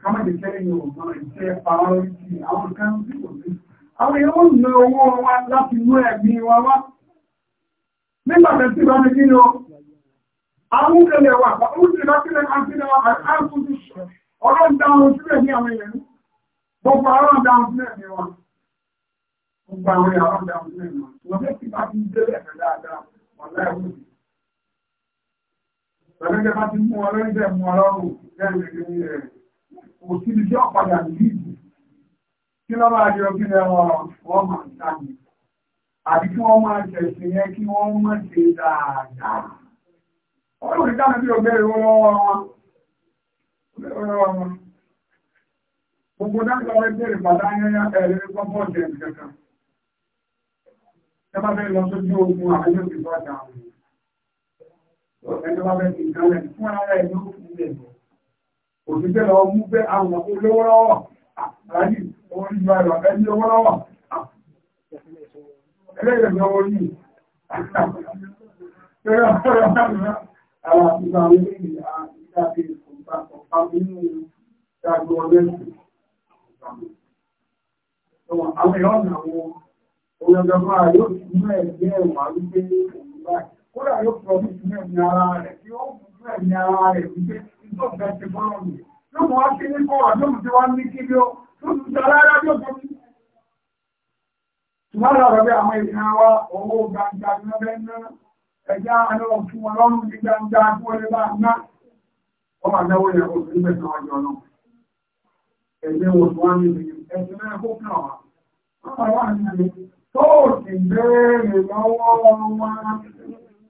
S1: Kámọ̀ lè fẹ́ ní ọ̀gbọ̀n ìṣẹ́ pàwọ́rìtì àwọn kan tí kò sí. Àwọn èèyàn ń lo owó wa láti mú ẹ̀mí wa wá. Nígbà tẹ̀ sí bá mi kí ni ó. Àwọn òkèlè wà, ó sì bá sílẹ̀ kan sílẹ̀ wà, àìkú ti sọ̀rọ̀. Ọlọ́run dáhùn sílẹ̀ ní àwọn èèyàn. Gbogbo àwọn dáhùn sílẹ̀ ní wọn. Gbogbo àwọn ìyàwó dáhùn sílẹ̀ ní wọn. Wọ́n fẹ́ sí bá ti ń délẹ̀ dáadáa, wọ́n láì wọ́n Ẹgbẹ́jẹ́ bá ti mú ọlọ́rẹ́jẹ́ mú ọlọ́rùn lẹ́rìn rẹ̀. Eh, Òsìlì tí ó padà nìyí. Kí lọ́bàá àjọ kí lẹ́wọ̀ wọ́n máa ń sáàmì. Àbí kí wọ́n máa tẹ̀sìn yẹn kí wọ́n máa ṣe dáadáa. Ọlọ́run ìdáná bí ọgbẹ́ ìwọ́ lọ́wọ́ wọn. Gbogbo dáńtọ́ ọgbẹ́ ìpàdá yẹn ẹ̀rí pọ́pọ́ jẹ̀ nìkan. Ẹ bá fẹ́ lọ sójú ogun àbẹ́jọ́ ìpàdá àwọn ẹni wá bẹ́ẹ̀ ti kálẹ̀ fún ara ẹ̀ ló fún ilé ẹ̀kọ́ òṣìṣẹ́ lọ mú pé àwọn olówólọ́wọ́ àbáyé orí ìgbà ẹ̀rọ ẹni olówólọ́wọ́ ẹlẹ́yẹ̀ lọ orí ìgbà àwọn àtúgbà orí ìdájọ́ ọ̀pá nínú ìdájọ́ ọlẹ́sìn àwọn ìrọ̀nà àwọn orí ọjọ́ máa yóò tún mú ẹ̀gbẹ́ ẹ̀wà wípé òun báyìí kódà yóò pọ̀ ní ìsinmi ẹ̀mí ara rẹ̀ tí ó mú fún ẹ̀mí ara rẹ̀ wípé tó fẹ́ ti bọ́lọ̀ mi yóò mú wá sí ní kọ́wà tó mú ti wá ní kí ni ó tó mú ti alára tó fún mi. ṣùgbọ́n lára bí àwọn èèyàn wa owó gbangba ní ọbẹ̀ ná ẹja anáwó fún wọn lọ́rùn ní gbangba kí wọ́n lè bá ná wọ́n máa náwó yẹn kó sí mẹ́sàn án jọ náà. ẹ̀mí wo tó wá ní ìlú ẹ̀sìn náà kó kàn wá. wọ́n máa wà ní ìlú tó sì béèrè lọ́wọ́ wọn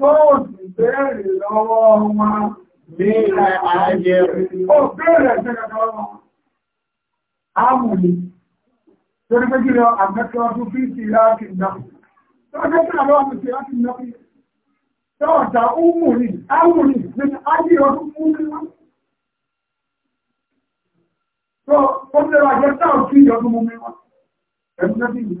S1: tó sì bẹ̀rẹ̀ lọ́wọ́ wọn ní ààyè rẹ̀. Ó bẹ̀rẹ̀ sí ẹ̀kọ́ wọn. Ámùlé, torí pé kí lọ àgbẹ́kọ́ tó fi sí láti náà. Tọ́jọ́ tí àwọn àmì sí láti náà. Tọ́ọ̀dà úmùlé, ámùlé, ní ààyè ọdún mú ní wọn. Tó, ó bẹ̀rẹ̀ àjẹ́ táà kí ọdún mú mi wọn. Ẹ̀mú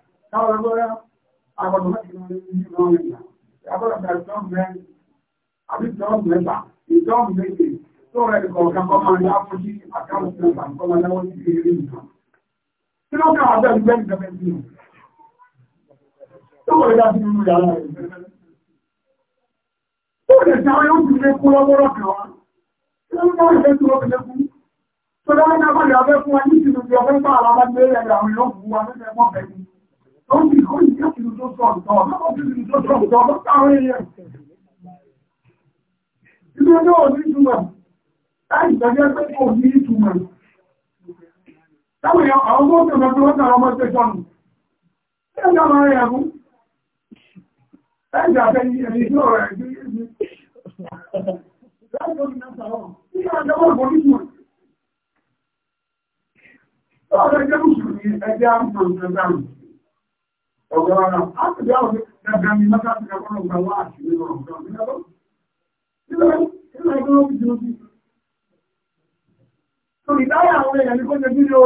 S1: káwọn ọgbọ́rá àwọn ọmọdé ní ìlú ìgbà àbọ̀dọ̀ ìjọ́m mẹ́rin àbí ìjọ́m mẹ́fà ìjọ́m méje tó rẹ̀ kọ̀ọ̀kan kọ́ máa yá fún sí àkáwùsí ọ̀gbà kọ́ máa náwó sí eré ìjọ kí ló ká àbẹ́ ìgbẹ́ ìjọba ẹ̀sìn nù tó wọlé dájú nínú yàrá rẹ̀ tó lè ṣe àwọn yóò ti lé kú lọ́wọ́rọ̀ kan wá kí ló ń bá ìlé tó lọ́kẹ́ lẹ́kú tó dáwọn ní abájọ abẹ́ fún wa ní ìsinmi ọ̀fẹ́ bá àwọn abájọ ẹ̀yà àwọn yóò fún wa lẹ́sẹ̀ mọ́ bẹ́ẹ̀ Ilé ọjọ́ òní ìtumọ̀, láì ìtàjẹ́ pé kò ní ìtumọ̀. Táwọn èèyàn àwọn ọmọ òṣèlú ọmọ ọmọ ọmọ ṣẹ́ṣọ́nù. Ẹjọ́ máa rẹ̀ ẹ̀kú. Ẹjọ́ àtẹ́ ìyẹ̀ni ìjọ́ rẹ̀ ẹ̀kú. Láìjọ́ ìnáta ọ̀rọ̀. Ilé ọjọ́ òní ìtumọ̀. Ọ̀rẹ́ jẹ́ ọ̀gọ́rọ̀ àtìdí àwọn gẹ́gẹ́ ní mọ́sáàtì kẹfọ́nà ọ̀gbà wá àṣírí ọ̀rọ̀ ọ̀gbà nígbàtọ́ nígbà ẹgbẹ́ ó fi jẹ́ ojú tó ìdáyà àwọn èèyàn ní kó jẹ́ bí ó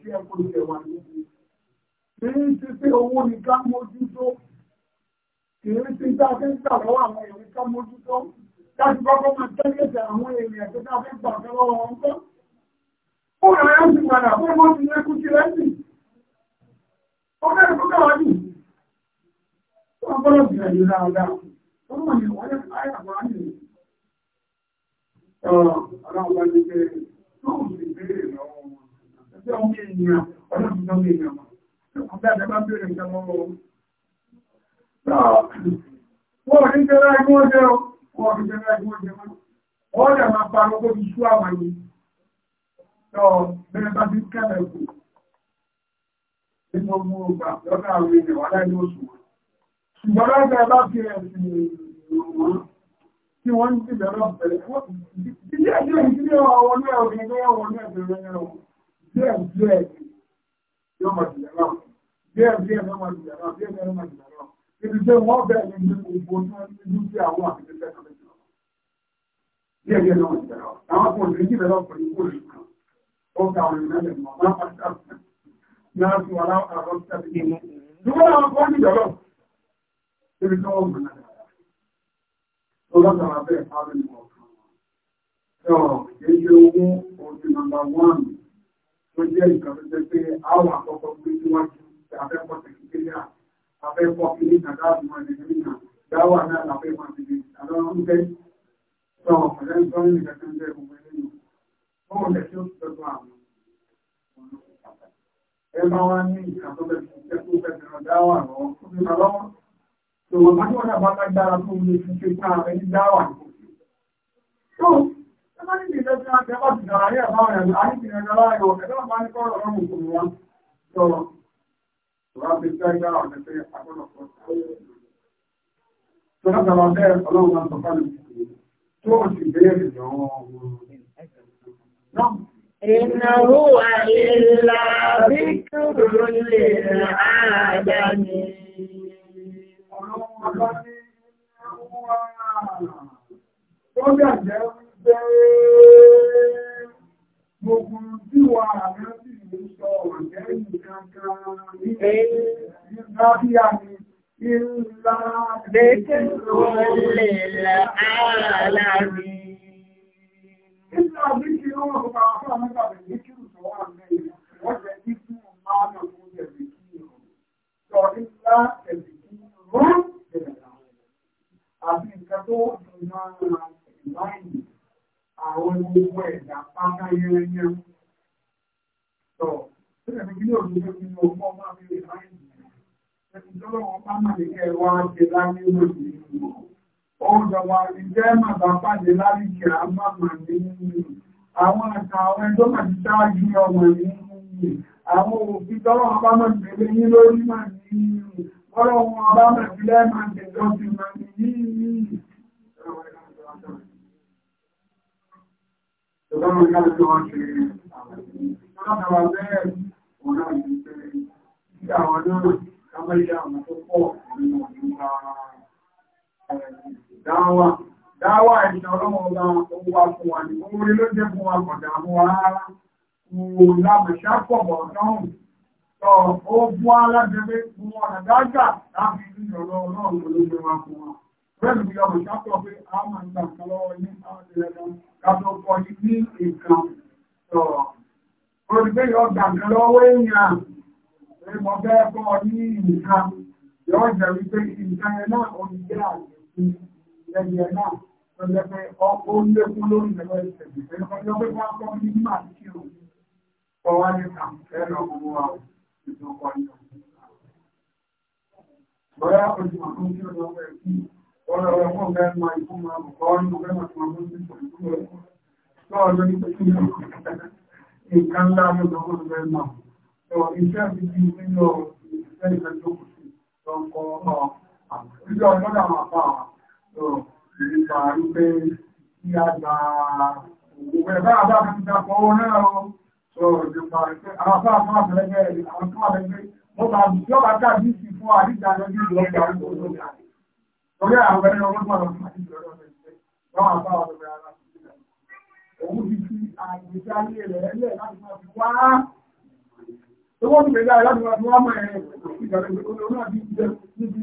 S1: ti ẹ̀kọ́ ìjẹ̀wà ní kìí ti pé owó ní ká mójútó kìí ti dá fẹ́ gbà lọ́wọ́ àwọn èèyàn ní ká mójútó láti kọ́kọ́ máa tẹ́lẹ̀tẹ̀ àwọn èèyàn tó dá fẹ́ gbà lọ́wọ́ wọn kọ́ ó rẹ̀ ẹ́ ti padà fún ọmọ ti lẹ́kú sí lẹ́sìn ọ̀rẹ́ tó dáwà ní ọgbọ́lọ̀ bìnà yìí dáadáa wọ́n wọ́n ni wọ́n yẹ́ àyàwó ní ọ̀rọ̀ ọ̀gbọ́n ní pé lóòrùn sí ìbéèrè lọ́wọ́ ẹgbẹ́ ọmọ ènìyàn ọ̀rẹ́ tó dáwà ènìyàn ọ̀gbẹ́ àdẹ́bá bèèrè ìjọmọ́ wọ́n rí jẹ́rẹ́ ẹgbẹ́ ọjọ́ wọ́n rí jẹ́rẹ́ ẹgbẹ́ ọjọ́ wọ́n rẹ̀ máa parọ́ tó fi ṣú àwọn yìí Tí wọ́n ń ti bẹ̀rẹ̀ ọ̀pẹ̀lẹ̀ fún ìdílé ẹjọ́ ìdílé ọwọ́ ní ọ̀gbìn ní ọwọ́ ní ẹ̀bẹ̀rẹ̀ ẹ̀rọ. Díẹ̀ díẹ̀ yóò máa jùlẹ̀ náà. Díẹ̀ díẹ̀ yóò máa jùlẹ̀ náà. Díẹ̀ díẹ̀ yóò máa jùlẹ̀ náà. Ibi tí wọ́n bẹ̀rẹ̀ ní gbogbo tí wọ́n ti dúkìá àwọn àfihàn tẹ́kọ̀ọ́. Díẹ̀ díẹ̀ yóò máa jùlẹ̀ náà. Àwọn akọ̀ọ̀lẹ̀ náà sùn aláwọ̀ àrọ́ tàbí nínú. Ṣùgbọ́n àwọn kan ní ìjọ́lọ̀ níbi tí wọ́n mọ̀ náà. Ọlọ́dọ̀ abẹ́ ìfáàrin kọ̀ọ̀kan. Ṣọ́ èyí owó oṣù nọ́mbà wán tó jẹ́ nǹkan tó jẹ́ pé àwọn àkọ́kọ́ gbé níwájú abẹ́pọ̀ tẹ̀kíkẹ́yà abẹ́pọ̀ kìíní kàdá àbúmọ̀ ìdíjìnà dáwà náà làbẹ́ máa ti di àlọ́ ń bẹ́. Ṣọ́ ọ̀pẹ̀lẹ́ ń sọ́yìn nìkan tó ń jẹ́ gbogbo ẹlẹ́yìn. Bọ́ọ̀lù ẹ̀ tí ó ti tọ́jú àwọn ẹ bá wá ní ìkàtọ́bẹ̀ fún ìṣẹ́kù fẹ́fẹ́ lọ dáwà lọ fún mi lọ́wọ́ tó wọ́n bá wọ́n bá lágbára fún mi fún ṣe ká rẹ̀ ní dáwà lọ. tó ẹ bá ní ìdílé tí wọ́n ti bá ti dára yẹ bá wọn yàrá ní ìdílé dára yọ ẹ bá bá ní kọ́rọ̀ lọ́rùn òkú wọn sọ̀rọ̀ tó wá fi ṣe dára ọ̀dẹ Ìnáwó àìlà bí kúrò lè àádá ni. Gbogbo tí wà rẹ̀ sí ìlú sọ ọ̀rẹ́ ìkankan ní ẹ̀yìn ní Ìlà lẹ́kẹ̀ẹ́ lọ́lẹ̀ láàrín. Nígbà bí kí ó wọ́n pa fún àwọn ìgbàgbé ní kí ó sọ wà mẹ́rin, wọ́n jẹ́ kí fún ọmọ náà fún ẹ̀rí kí ìrọ̀. Sọ nígbà ẹ̀rí kí ìrọ̀ bẹ̀rẹ̀ láwọn. Àbí nǹkan tó wọ́n fi ní kí ó ọmọ máa fi Ẹ̀sìn tó lọ́wọ́ pátá ní ẹ̀wà ṣe láyé lónìí ọ̀dọ̀wà ìjẹ́ màbá pàdé láríkì àmàmà ní àwọn àkà àwọn ẹjọ́ màtí ṣáájú ọmọ ní àwọn òfin tọ́rọ ọbámọ̀ tẹ̀lé yí lórí mà ní ọ̀rọ̀ wọn ọbámọ̀ sílẹ̀ mà tẹ̀jọ́ sí mà ní yí Àwọn náà, ká mọ́ ìyá àwọn tó pọ̀ nínú ọdún ara ẹni dáwà dáwà ìṣẹ́ ọlọ́wọ́ ọba owó wa fún wa ní orí ló jẹ́ fún wa kọ̀dà mú wa rárá kò lámọ̀ṣá pọ̀bọ̀ lọ́hùn sọ ó bú alájẹ́gbé fún ọ̀nà dágbà láti ní ọ̀rọ̀ ọlọ́run ló gbé wa fún wa bẹ́ẹ̀ni bí ọmọ ìṣàpọ̀ pé a máa ń gbà kan lọ́wọ́ ní àwọn ìrẹ̀lẹ̀ kátó kọ ní nǹkan sọ olùgbé yọ gbà kan lọ́wọ́ èèyàn pé mo fẹ́ kọ́ ní nǹkan yọ jẹ́ wípé nǹkan yẹn náà ò ní jẹ́ àjẹ́ lẹ́yìn náà tó jẹ́ pé ọkọ̀ ń lékún lórí ẹ̀rọ ìṣẹ̀lẹ̀ pẹ̀lú ọjọ́ pé wọ́n kọ́ ní nígbà tí o kọ́ wá ní kàǹfẹ́ lọ gbogbo wa o ètò ọkọ̀ ní ọ̀hún. bọ́lá ojúmọ̀ tó ń kí ọjọ́ pé kí ọ̀rọ̀ rẹ̀ fún ọ̀gá ẹ̀ma ikú máa bù kọ́ ní ọgbẹ́ màtí wọn fún ìpò ìdúró lọ́ọ̀dọ́ ní pẹ̀lú àwọn àpá àwọn nípa wípé kí a gba òwò ẹ̀bá àbá fi dàpọ̀ owó náà o sọ nípa wípé àwọn afá fún àfẹ́lẹ́gbẹ́ àwọn tó àfẹ́gbẹ́ wọ́n bá bí ọba dàbí sí fún àdíjà lọ́jọ́ ìlú ọjà tó tó dà torí àwọn ẹni ọgbọ́n tó lọ fún àdíjà lọ́jọ́ ìlú ọjà tó tó dà òun ti fi àgbéjáde rẹ̀ lẹ̀ láti máa fi wá owó tó gbé jáde láti máa fi wá mọ̀ ẹ̀rọ ìgbàlódé olóòrùn àti ìjẹun níbi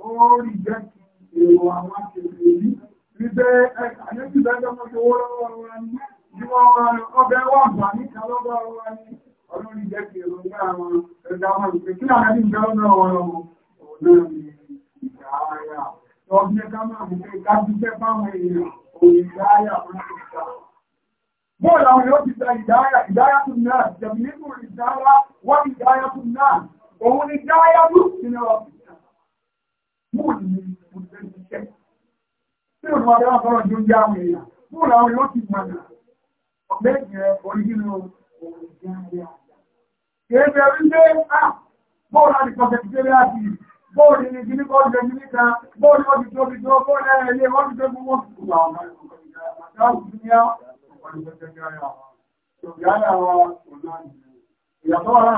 S1: wọ́n rí jẹ́ kí èrò àwọn akẹ́kẹ́ yìí rí bẹ́ẹ̀ ẹ̀ka ní ìdájọ́ mọ́ ti wọ́n lọ́wọ́ wọn ní bí wọ́n wọn ọbẹ̀ wà bà ní kálọ́bọ̀ wọn ní ọdún rí jẹ́ kí èrò ń gbà wọn ẹ̀dá wọn ìpè kí àwọn ẹni ìgbà lọ́wọ́ wọn lọ́wọ́ náà ní ìgbà ayà ọdún ẹ̀ka máa mú pé ká fi jẹ́ fáwọn èèyàn òun ìgbà ayà fún ìgbà Bọ́ọ̀lù àwọn yóò ti gba ìdáyà ìdáyà tún Bóò ni mo fẹ́ ṣiṣẹ́? Tí o máa bẹ́wà sọ́rọ̀ ní oúnjẹ àwọn èèyàn, bóò làwọn yóò ti mọ̀nà. Ọ̀gbẹ́ ìjìnlẹ̀ orí nínú òun jẹ́ àjẹ́ àjà. Kìí bẹ̀ rí dé, ah, bóò láti kọ̀ọ̀kẹ́ ti kéré láti yìí, bóò ni ní kíní kọ́ọ̀dù ẹni níta, bóò ni wọ́n ti tóbi tó, bóò ní ẹ̀rẹ̀ ilé, wọ́n ti tó gbogbo ìgbà ọ̀nà ìgbà ìgbà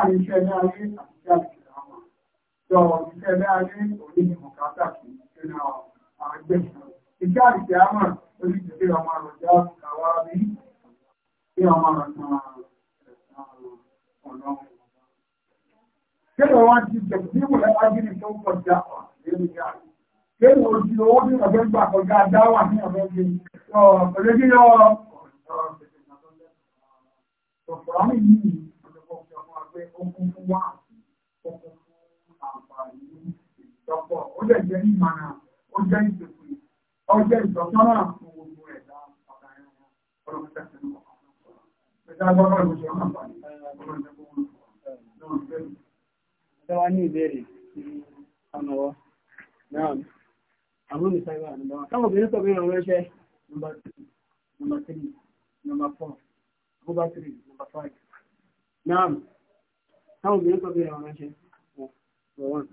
S1: ìgbà ìgbà Sọ iṣẹ́ láàrin orí ni bùkátà sí nínú àgbẹ̀sán. Iṣẹ́ àdìsẹ́ àmà lórí ìdílé ọmọ àròjá àwa rí bí ọmọ àròjá ọ̀nà Kéèrè wá ti jẹ̀ sí ìwòlẹ̀ ajírí tó ń kọjá wà lórí ìyá rẹ̀. Kéèrè ó ti owó ní ọ̀fẹ́ gbà kọjá dáwà ní ọ̀fẹ́ fi ọ̀rẹ́ kí àǹfààní ìjọpọ̀ ó lè jẹ́ ìmọ̀ràn ó jẹ́ ìṣèkù ó jẹ́ ìtọ́sọ́nà fún gbogbo ẹ̀dá ọ̀gá ẹ̀rọ ọlọ́mọdé tẹ̀lé ọ̀gá ẹ̀dá gbọ́dọ̀ ló ṣe àǹfààní ọlọ́mọdé tó wọ́n ní ìbéèrè sí ọ̀nàwọ́ náà àbúrò ìsáyíwá àdúgbò táwọn obìnrin sọ pé ìrànwọ́ iṣẹ́ nọ́mbà 3 nọ́mbà 3 nọ́mbà 4 nọ́mbà 3 nọ́mbà 5 náà táwọn obìnrin sọ pé ìrànwọ́ iṣẹ́ one.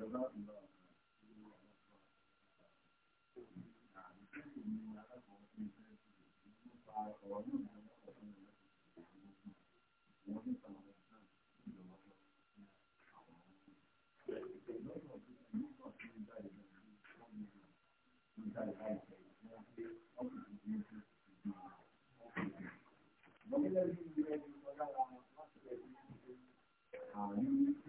S1: Thank you.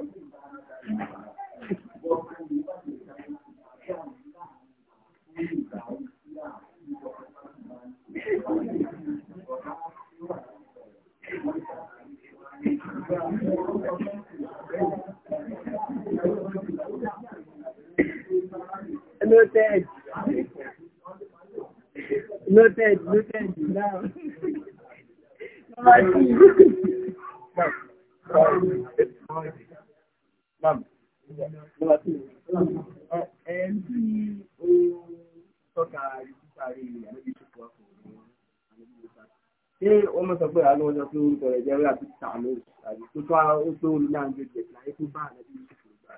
S1: fa pé olùlà ń gbèdè láyé tó bá àlẹ́ bí yusuf gbà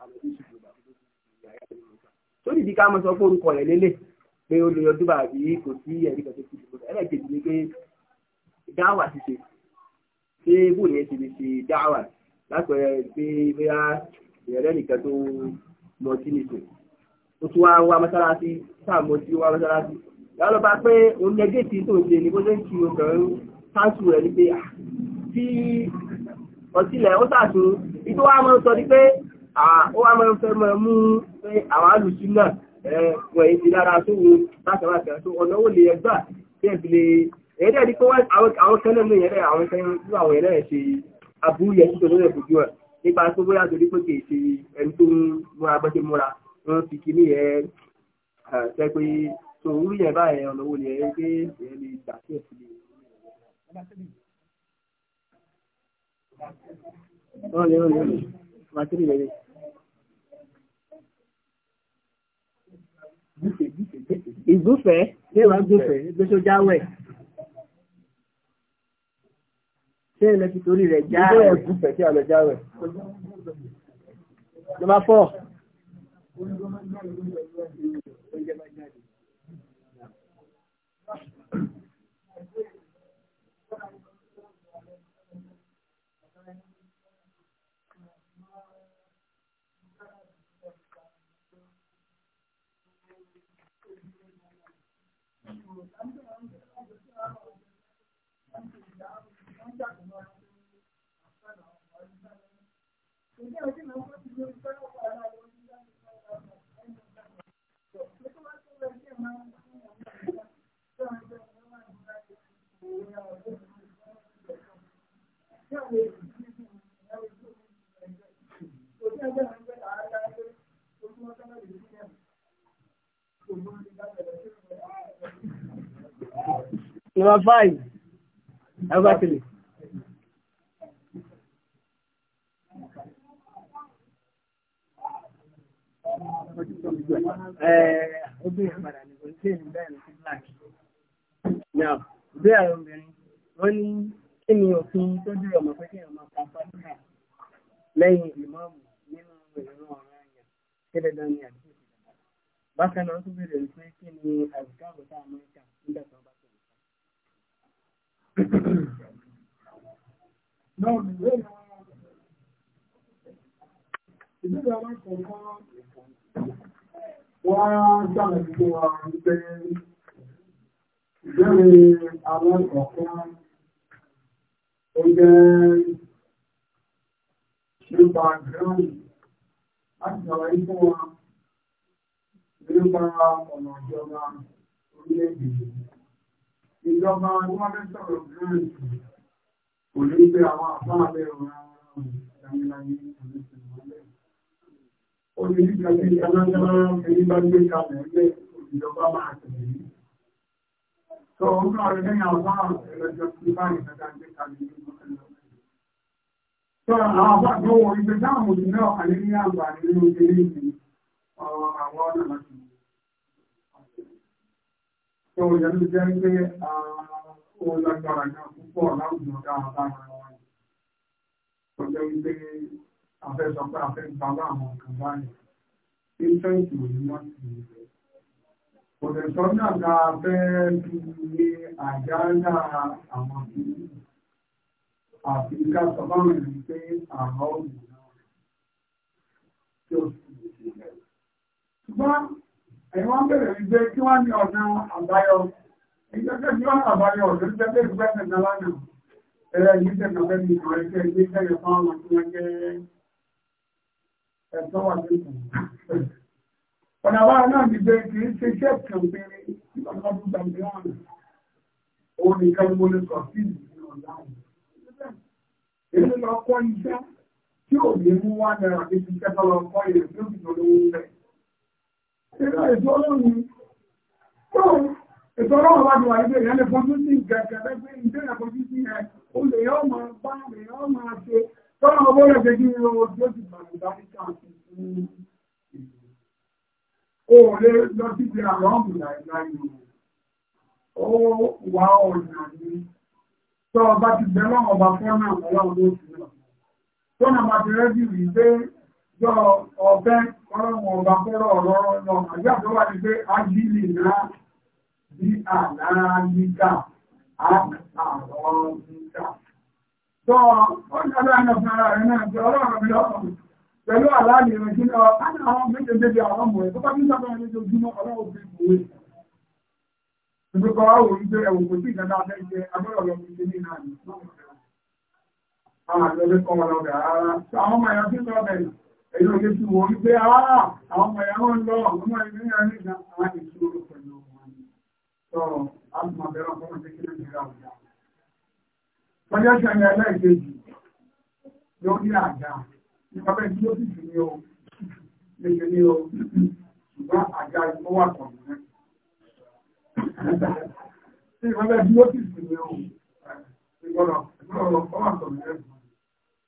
S1: àlẹ́ bí yusuf gbà tó ti yàrá ìlú nìkan. tó dìdí ká mọ sọ pé orúkọ rẹ̀ lélẹ̀ pé ó lè yọjú bàbí kò sí ẹ̀rí kan tó ti dìbò rẹ̀ ẹlẹ́kejì ni pé dáwà ti ṣe ṣé bó yẹn ti lè ṣe dáwà lápẹẹrẹ pé bóyá ìrẹ̀lẹ́ nìkan tó mọ sí nìkan ó tún wá wá mọ́sálásí sáà mọ́ sí wá mọ́sálásí yàrá pé òun nẹgẹ́tì tó ṣe ni bó ṣe ń kí obìnrin táṣù rẹ̀ ní pé ah, sí ọtílẹ̀ ó sàtún ìtò wá mọ́ sọ ní pé ó wá mọ́ fẹ́ mọ́ mú pé àwọn alùsù náà wọ̀ èyí ti dára tó wo látàlátà tó ọ̀nà ó lè ẹgbà tí ẹ̀ fi lè èyí dẹ̀ ni pé àwọn kan náà yẹn àwọn kan tí àwọn yẹn náà ṣe aburú yẹn títò lórí ẹ̀kọ́ jùlọ nípa tó bóyá torí pé kì í ṣe ẹni tó ń múra bọ́ṣe múra wọ́n fi kíní yẹn ṣe pé tòun yẹn báyẹn ọ̀nà ó lè ẹ Ole, ole, ole. Matri bebe. Ìgbúfẹ́, ṣé wàá gbúfẹ́, gbé sójá wẹ̀. Ṣé ẹ lọ ti torí rẹ̀ já rẹ̀? Ìgbúfẹ́ ìgbúfẹ́ kí a lọ já wẹ̀. Nọmba fọ́. Number five. Have a good ìwé àwọn obìnrin wọ́n ní kí ni òfin tó dúró ọmọ pé kí ọmọ kan fàdúrà lẹ́yìn ìmọ̀ọ̀mù nínú ìran ọ̀rọ̀ àyà kí lè dání àdúgbò sí ìjọba. Bákan náà tún bèrè pé kí ni àzùká àbùtá Amẹ́ríkà nígbà tó bá tẹ̀lé. Ìdíje àwọn kọ̀ọ̀kan wá sáà ti wà Ìbéèrè alákọ̀ọ́kọ́ ó jẹ́ nípa gíráàmù láti sọ̀rọ̀ ikú wa nípa ọ̀nà ìjọba orílẹ̀-èdè. Ìjọba ni wọ́n fẹ́ sọ̀rọ̀ kò ní pé àwọn àfáàlẹ́ ọ̀rọ̀ ìdániláyé ìpínlẹ̀ ìmọ̀lẹ̀. Ó ní ìjọba ìjọba ìjọba ìjọba ìjọba ìjọba máa tẹ̀lé So, ọ̀gá rẹ̀ lẹ́yìn àwọn ẹlẹ́jọ́ tí báyìí tẹ́ta ń gbé kalẹ̀ ní ọjọ́ ẹlẹ́jọ́.
S2: So, àwọn àbá tó wọ ìgbẹ́ dáhùn òjì náà alẹ́
S1: ní àgbà nínú ilé ìlú àwọn ọ̀nà láti mú. So, ìyẹn jẹ́ pé ó lágbára náà púpọ̀ láwùjọ dáadáa wọn. Ọjọ́ ìgbé afẹ́ sọ pé Òtẹ̀sọ́nà ká fẹ́ fi ní àjálà àwọn ìlú àti ká sọ báwọn ìlú pé àwọn òmìnira tí ó sì lè ṣùgbọ́n ẹ̀yìn wọ́n bẹ̀rẹ̀ wípé kí wọ́n ní ọ̀nà àbáyọ ìgbẹ́gbẹ́ tí wọ́n àbáyọ ọ̀dọ́ jẹ́gbẹ́ ìgbẹ́ tẹ̀gbẹ́ lánàá ẹ̀rẹ́ yìí tẹ̀gbẹ́ bẹ́ẹ̀ ni ọ̀nà wa náà ní pé kì í ṣe iṣẹ́ kan péré nígbà tó bá gbà mí ọ̀nà òun nìkan ni mo lè sọ sí ìlú ọ̀la èyí lọ kọ́ iṣẹ́ tí ò ní mú wá náírà ní ti ṣẹ́ tọ́lọ kọ́ ilẹ̀ tí ó sì lọ lówó bẹ̀. Ìlú ètò ọlọ́run tó ètò ọlọ́run wá jùlọ ìgbé ìyẹn lè fojú sí gẹ̀gẹ̀ lẹ́gbẹ́ ìdí ìyẹn fojú sí ẹ̀ ó lè yọ́ máa bá lè yọ́ máa ṣe òòrè lọ sí ti àrọ́mù láìláìlú ó wà ọ̀nà ní tó ọba ti bẹ́ ọba fọ́nà ọrụ ló ti lọ tó nà ti rẹ́dì rí pé yọ ọbẹ̀ ọlọ́run ọba àjọ àti wà ní pé ágílì náà bí ọjọ́ pẹ̀lú àláàmì ìrìnjì náà láti àwọn méjèèjì àwọn ọmọ ẹ̀ tó bá ní sábẹ́ ẹni tó jùmọ́ ọlọ́wọ́ fi kúwé ìgbẹ́kọ̀ àwọn orí bẹ́ẹ̀ wò kò sí ìjọba abẹ́jẹ agbọ́dọ̀ lọ sí ní náà ní àwọn àgbẹ̀lẹ́ kọ́ wọn lọ́bẹ̀ rárá àwọn ọmọ ẹ̀yà tí lọ́bẹ̀ èyí ò lè fi wò ó pé rárá ah, àwọn ọmọ ẹ̀yà wọn lọ ọmọ ẹ̀yà ní ìgbà àwọn ìṣòro pẹ̀lú wọn sọ àtùmọ̀ bẹ̀rẹ̀ ọkọ̀ wọn ti kí nàìjíríà ọjà. Pọ́jọ́ ṣẹ̀yìn ẹlẹ́ẹ̀kejì lórí àjà ìpapẹ́ tí ó sì jù ní o lè ní o ṣùgbọ́n àga ìmọ̀ wà kàn ní. Ṣé ìpapẹ́ tí ó sì jù ní o ìgbọ́dọ̀ ìgbọ́dọ̀ ọ̀pọ̀ wà kàn ní.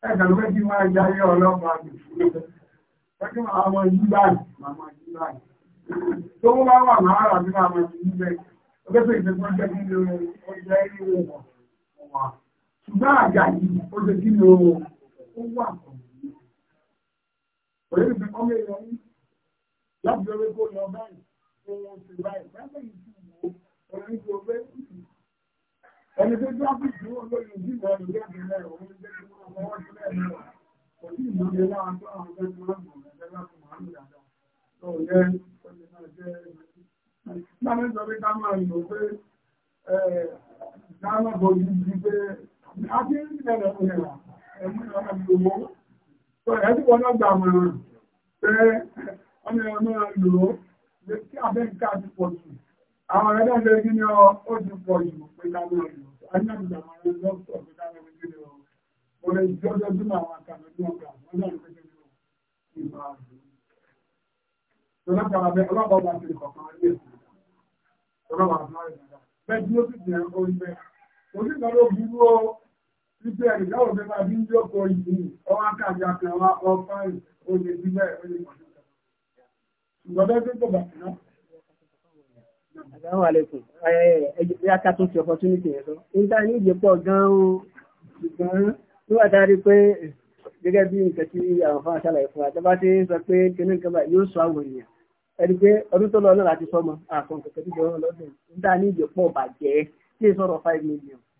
S1: Ẹ̀ka ló fẹ́ máa ya ayé ọlọ́pàá jẹ́ kí ni ó jẹ́ ìwọ̀n wà. Ṣùgbọ́n àga yìí ó ṣe kí ni ó wà kàn Òyìn bí ọmọ èèyàn yìí láti lọ wípé lọ báyìí ohun ti báyìí lábẹ́ yìí ti wò ó orí tó fẹ́ ẹni tó tó ápù tí ó lóyún sí ìwọ ní ilé ìgbìmọ̀ ẹ̀rọ ní ilé ìgbìmọ̀ ọmọ wọn sílẹ̀ ní ọ̀ kò sí ìmọ̀lẹ́ láwọn tó àwọn ọ̀gá tó wọn mọ̀ ẹ̀rọ láti mọ̀ ánú dáadáa tó yẹ ọ̀lẹ́ náà jẹ́ Láwọn sọ pé ká máa lò pé dáná bọ̀ yìí di pé a ti ń bẹ̀rẹ̀ fún ẹ̀rọ ẹ̀mú ìrọ̀lẹ́ ẹ̀ẹ́dì wọn náà gbà mọ̀ràn pé ọmọ ẹ̀rọ náà lò ó pé kí abẹ́ǹkà ti pọ̀ jù àwọn ẹ̀rọ náà lè ní ti pọ̀ jù pé ká lọ lò ó ayé àgbà máa ń lọ sọ pé ká lọ lè lò ọlọ́pàá bá ti kọ̀ọ̀kan ayé ẹ̀sìn ọlọ́pàá bá ti máa rẹ̀ dáadáa bẹ́ẹ̀ Ibi ẹ̀rì láwọn fẹ́ máa bí ń jókòó yìí, ọwọ́ àkàbí àkàwà ọ̀pá òye síbẹ̀ òye pàtàkì. Ṣùgbọ́n bẹ́ẹ̀ tó gbọ̀gbà náà. Àgbàwọ̀ àlẹ́kùn, ẹ̀yẹ́ ká tún fi opportunity yẹn lọ. Nígbà ní ìjẹ́ pọ̀ gan-an o, ṣùgbọ́n nígbà tá a rí pé gẹ́gẹ́ bí nǹkan tí àwọn fún aṣálà ìfún àtẹ́bá ti sọ pé kínní nǹkan báyìí yóò sọ àwọn èèyàn. Ẹni pé ọdún tó lọ náà láti sọmọ, àkànkàn kẹ́kẹ́ tó lọ́dún. Nígbà ní ìjẹ́ pọ̀ bàjẹ́, kí n sọ̀rọ̀ five million.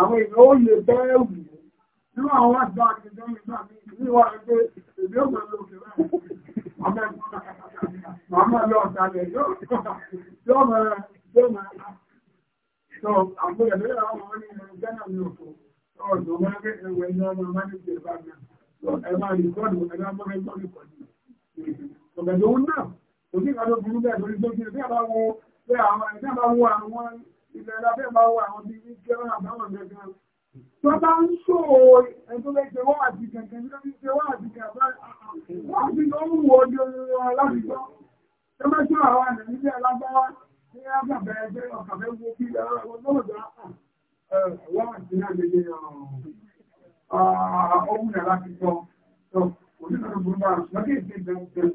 S1: àwọn èèyàn ó lè bẹ́ẹ̀ wù ú nínú àwọn àjọ àjẹjọ́ mi gbà mí ní wà ní pé èdè ògbà ló fi rẹ̀ màmá lọ ọ̀dàlẹ̀ yóò mọ̀ yóò mọ̀ so àgbẹ̀lẹ̀ lórí àwọn ọmọ ní ẹ̀rọ gánà ní òkú ọ̀dọ̀ wọn pé ẹ̀wẹ̀ ní ọmọ máníjì ẹ̀bá mi ẹ̀ máa rí kọ́ọ̀dù ẹ̀ máa mọ́rẹ́ kọ́ọ̀dù kọ́ọ̀dù ọ̀gbẹ̀dẹ̀ òun náà òní ìgbàlódé burú bẹ́ẹ̀ lórí gbójú bí àbáwọ̀ àwọn ìbẹ̀rẹ̀ abẹ́ máa wọ àwọn bíi kẹrán àbáwọn gẹ̀gẹ̀rán tó bá ń ṣòwò ẹ̀tọ́ lè ṣe wọ́n àti kẹ̀kẹ́ ní ọdún ṣe wọ́n àti kẹ̀kẹ́ wọ́n àti tó ń wọ ojú orin wọn aláàbíkọ́ tó bá ṣọ́ àwọn àmì nílé alágbáwá ní àgbàbẹ̀ ẹgbẹ́ ọ̀kàfẹ́ wo kí wọ́n àti ní àgbègbè ọ̀hún ẹ̀ láti gbọ́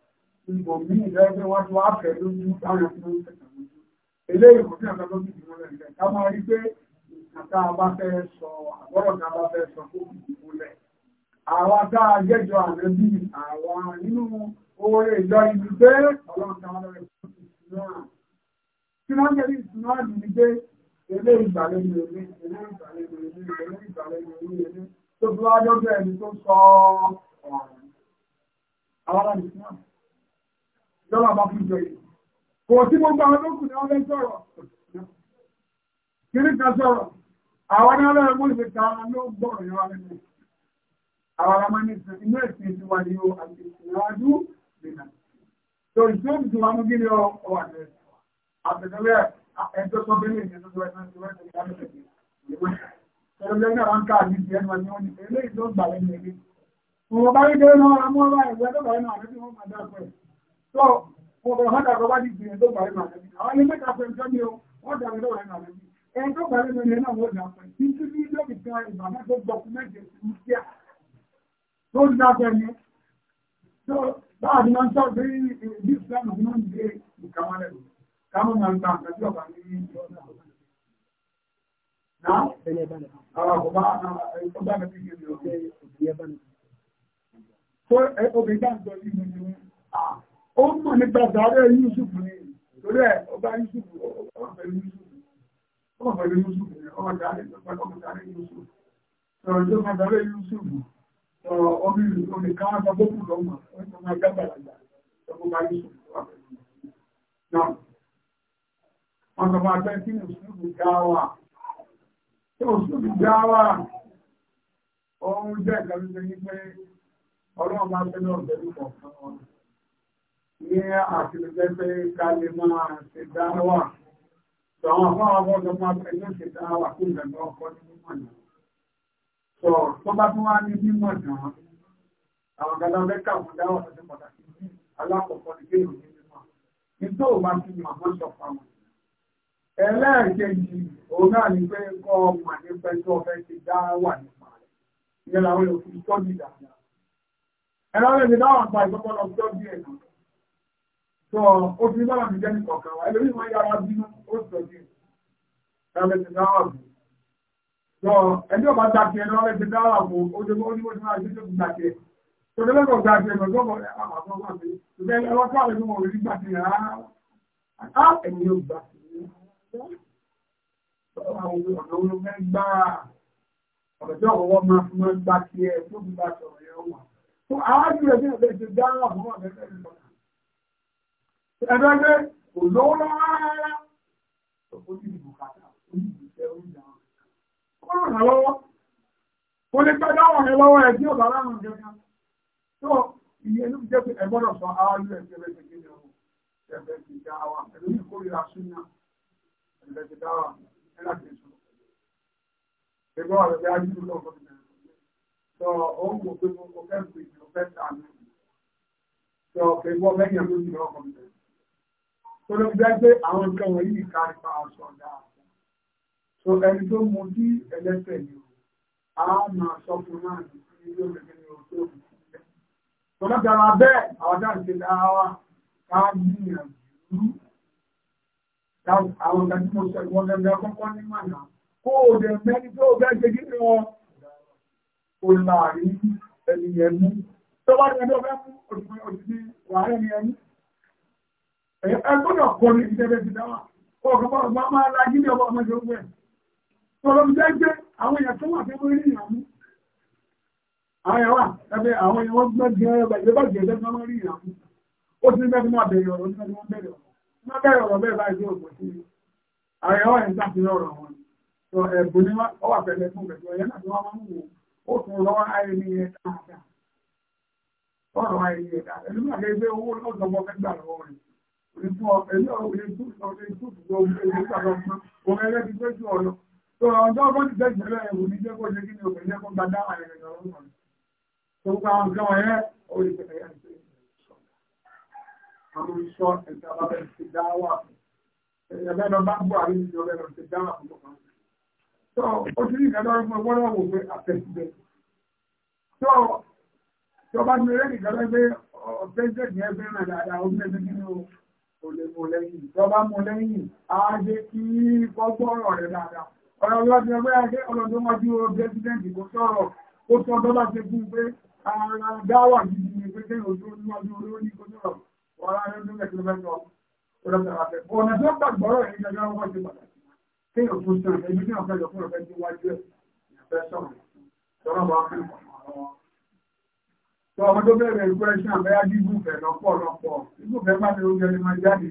S1: ibò mí ìlẹ́gbẹ́ wọ́n tó ápẹ̀ lójú láwọn ẹ̀kọ́ ló ń tẹ̀sán lójú. Eléyìí kò ní ọ̀gá tó ti dìbò lẹ̀. Ká máa rí pé ìkàtà bá fẹ́ sọ a jẹ́jọ ànábì àwa nínú oore ìjọ ibi pé ọlọ́run ká wọn lọ́rẹ̀ fún ìsúná. Kí wọ́n jẹ́ ìsúná àdì ni pé ilé ìgbàlejò ilé ilé ìgbàlejò ilé ilé ìgbàlejò ilé ilé tó Àwọn aláìsí lọ́wọ́ àbá fún ìjọ yìí kò tí gbogbo àwọn lókùn ní ọlẹ́ sọ̀rọ̀ kiri kan sọ̀rọ̀ àwọn ní ọlọ́rẹ̀ mú ìfẹ́ ta ló gbọ́rọ̀ yọ alẹ́ mú àwọn ará máa ní sàn inú ẹ̀sìn ti wà ní o àti ìwájú nìkan tó ìṣó ti wà mú gírí ọ wà ní àtẹ̀tẹ̀lẹ̀ ẹjọ́ sọ bẹ́lẹ̀ ìyẹn tó sọ ẹ̀sán ti wẹ́sẹ̀ ìyá mẹ́tẹ̀ Ẹ̀rọ lẹ́yìn àwọn káàdì ìdí ẹnu àti wọn ni eléyìí tó gbà lẹ́nu ẹgbẹ́. Òun ọba rí dé náà, àmọ́ So, mo bọ̀ hàn dàgbà bá di gbìyànjú tó gbà lẹ́nu àlẹ́bí. Àwọn ilé mẹ́ta fẹ́ jọ́ ni o, wọ́n dà mí lọ́wọ́ lẹ́nu àlẹ́bí. Ẹni tó gbà lẹ́nu ilé náà wọ́n dà pẹ́. Títí ní ilé ìgbà ìgbà náà tó gbọ́ fún mẹ́jẹ sí kíá. Tó ń dábẹ́ ni. So, báà ni wọ́n ń sọ pé ìdí ìsìlámù ni wọ́n ń gbé ìkàwọn lẹ́nu. Káwọn máa ń gba àgbà tí ọ̀gá ní Obìnrin bá ń sọ yìí ó ń mọ̀ nípa sàárẹ̀ Yusuf ni torí ẹ̀ ọba Yusuf ọmọ pẹ̀lú Yusuf ọmọ pẹ̀lú Yusuf ni ọmọ sàárẹ̀ ọmọ sàárẹ̀ Yusuf sọ̀rọ̀ tó máa sàárẹ̀ Yusuf omi omi kan sọ bó kù lọ́mọ ọmọ máa gbàgbàlagbà ọmọ bá Yusuf wà pẹ̀lú náà wọn sọ máa pẹ́ kí ni òṣùlùkù dáwà tí òṣùlùkù dáwà òun jẹ́ ìkàlùjẹ́ ní pé ọlọ́run máa fẹ́ lọ́ọ̀bẹ̀rù kọ̀ọ̀kan ní àtìlẹ́jẹ́ pé ká lè máa ṣe dáwà tó àwọn afọ́wà bọ́ọ̀dọ̀ máa pẹ̀lú ṣe dáwà kó ìgbàgbọ́ ọkọ ní mímọ̀ náà sọ tó bá tún wá ní mímọ̀ náà àwọn gàdá mẹ́ka fún dáwà tó ṣe pàtàkì ní alákọ̀ọ́kọ́ ní kéèrò ní mímọ̀ ní tó o bá ti mọ̀ mọ́ sọ fáwọn ẹlẹ́ẹ̀kejì òun náà ni pé kọ́ ọmọ nípa ẹjọ́ ọ̀fẹ́ ti dáwà nípa rẹ̀ ìyẹn làwọn èèyàn fi tọ́jú dáadáa ẹ̀rọ Sọ obìnrin bára mi jẹ́ nìkọ̀ọ̀kan wa, ẹlòmí máa yára bínú, ó sọ ní ẹ̀rẹ́ ti dáwà bù. Sọ ẹni ọba dákì ẹni ọba ti dáwà bù, ó ti mọ́ ní oṣù máa ṣe tó gbàkẹ́. Sọ ní lọ́kọ̀ gbàkẹ́ ẹ̀mọ̀ tó mọ̀ àwọn àwọn àwọn àti ṣùgbẹ́ ẹwọ́ tó àwọn ẹ̀mọ̀ orí gbàkẹ́ rárá. Á ẹ̀mí ò gbàkẹ́. Ọ̀nà olùfẹ́ gbà ọ̀dọ́ ọ̀wọ́ máa fún gbàkẹ́ tó gbàkẹ́ ọ̀rẹ́ wọn. Sọ àwọn àjùlẹ̀ bí ọ̀dẹ́ ti dáwà bù wọn ẹgbẹ́gbẹ́ kò lówó lọ́wọ́ rárá ó ní ìbò kàtà ó ní ìbò kó ràn án lọ́wọ́ kó lè pẹ́ dáwọn ẹ lọ́wọ́ ẹ tí ò bá láwọn jẹ kan tó ìyẹn ló jẹ́ pé ẹ gbọ́dọ̀ sọ ara ló ẹ̀jẹ̀ rẹ̀ ṣe kéde ọ̀hún ẹ̀bẹ̀ ti dá wa pẹ̀lú ìkórira súnà ẹ̀bẹ̀ ti dá wa ẹ̀ láti sọ ẹgbẹ́ wa lọ́dẹ ayé ló lọ́wọ́ sọ òun kò pé mo fẹ́ pè mo fẹ́ tà mí sọ kẹ́gbọ́ mẹ́yìn ló ti lọ́wọ́ kọ́mítẹ́rì
S2: tó ló fi jẹ́ pé àwọn nǹkan wọ̀nyí
S1: ìkárí pa aṣọ dáadáa so ẹni tó mu bí ẹlẹ́sẹ̀ ni o a máa sọ fún náà ní kí ló lè ní o tó fi sílẹ̀ tó lọ́ dára bẹ́ẹ̀ àwọn dáhùn ṣe dára wa ká gbìyànjú àwọn ìgbà tí mo sọ ìwọ̀n gẹ́gẹ́ kọ́kọ́ ní màná kó o dẹ̀ mẹ́ni tó o bẹ́ẹ̀ ṣe ni wọn kò láàrin ẹni yẹn mú tó bá ẹni ọ̀fẹ́ ẹgbọ́dọ̀ kọ́ ní ìjẹ́bẹ̀ ti dáwà ọ̀gbọ́n ọgbọ́n máa lajú ní ọgbọ́n ọmọdé ogun ẹ̀ tọ́lọ́ mi jẹ́ àwọn èèyàn tó wà fẹ́ mọ́ rí ìyàmú àwọn èèyàn wà ẹgbẹ́ àwọn èèyàn wọ́n gbọ́n jẹ́ ẹgbẹ́ ìjọba jẹ́ ẹgbẹ́ mọ́ rí ìyàmú ó ti mẹ́fí máa bẹ̀rẹ̀ ọ̀rọ̀ ní ẹgbẹ́ wọn bẹ̀rẹ̀ ọ̀rọ̀ máa bẹ̀rẹ̀ ọ̀rọ̀ bẹ́ẹ̀ báyìí tó pọ̀ sí àwọn èèyàn wà ń sàfihàn ọ̀rọ̀ wọn sọ ẹ̀bùn ni wọ́n wà pẹ̀lẹ́ fún ó tún lọ́wọ́ ayé ní ẹ̀ dáadáa ọ̀rọ̀ ayé ní ẹ̀ dáadáa ẹ̀lú màgẹ́ gbé owó Ìfún ọ̀pẹ̀lẹ́ ọ̀rẹ́ tó ọ̀rẹ́ tó gbogbo ọ̀rẹ́ ìgbàlọ́pọ̀ ọ̀rẹ́ ẹlẹ́bí tó jù ọ̀lọ́. Tó ọjọ́ ọgbọ́n ti jẹ́ ìjẹ́lẹ̀ ẹ̀wò ní jẹ́ kó jẹ́ kí ni òkè jẹ́ kó gba dá àyẹ̀rẹ̀ lọ́rùn. Tó gba nǹkan ọ̀rẹ́ orí ìpẹ̀lẹ́ ẹ̀ṣẹ̀. Àwọn ìṣọ́ ẹ̀dá bá bẹ̀rẹ̀ ti dá wà. Ẹ̀yẹ̀ lọ bá gbọ́ àrí ìjọ rẹ̀ lọ ti dá wà fún ọkàn. Tó o ti ní ìgbàlọ́rùn fún ọgbọ́n náà wò pé àtẹ̀síbẹ̀. Tó ọba ti kò lè mú lẹ́yìn tó bá mú lẹ́yìn á jẹ́ kí gbọ́gbọ́rọ̀ rẹ̀ dáadáa ọ̀rọ̀ ọlọ́dún ẹgbẹ́ ẹgbẹ́ ọlọ́dún wájú pẹ́sidẹ́ǹtì kò sọ̀rọ̀ ó sọ dọ́là ṣe fún pé ara dáwà gidi ni pé kéèyàn ojú níwájú olórí kò sọ̀rọ̀ ọ̀rá rẹ̀ ló lẹ́kìlọ́ fẹ́ sọ ọ̀nà tó gbàgbọ́rọ̀ yìí gẹ́gẹ́ wọ́n ṣe pàtàkì kéèyàn tó sàn ẹ̀mí kéèyàn fẹ́ yọ fún ọ̀fẹ́ níwájú ẹ̀ ìyàfẹ́ sọ̀rọ̀ sọ̀rọ̀ bá fẹ́ So àwọn tó bẹ̀rẹ̀ ìgbẹ́ṣẹ́ àbẹ́yá gígùnfẹ̀ lọ́pọ̀lọpọ̀. Ìgbùnfẹ̀ bá ní oúnjẹ lè máa jáde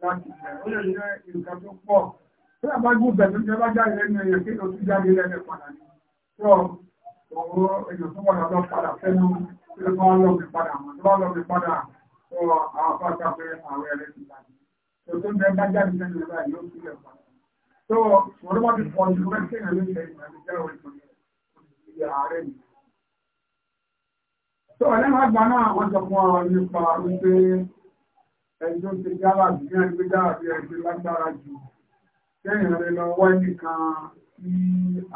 S1: láti ìfẹ̀. Ó lè jẹ́ nǹkan tó pọ̀. Tí a bá gúnfẹ̀ tó jẹ́ bá jáde lẹ́nu èèyàn kí ló tún jáde lẹ́nu padà ní. So òwò èèyàn tó padà lọ padà fẹ́nu tó bá lọ tó ọlẹ́mà gbà náà wọ́n sọ fún ọ nípa wípé ẹjọ́ ti dára bí i ẹgbẹ́ dára bí ẹgbẹ́ lágbára jù kẹ́yìn rẹ lọ wọ́ nìkan tí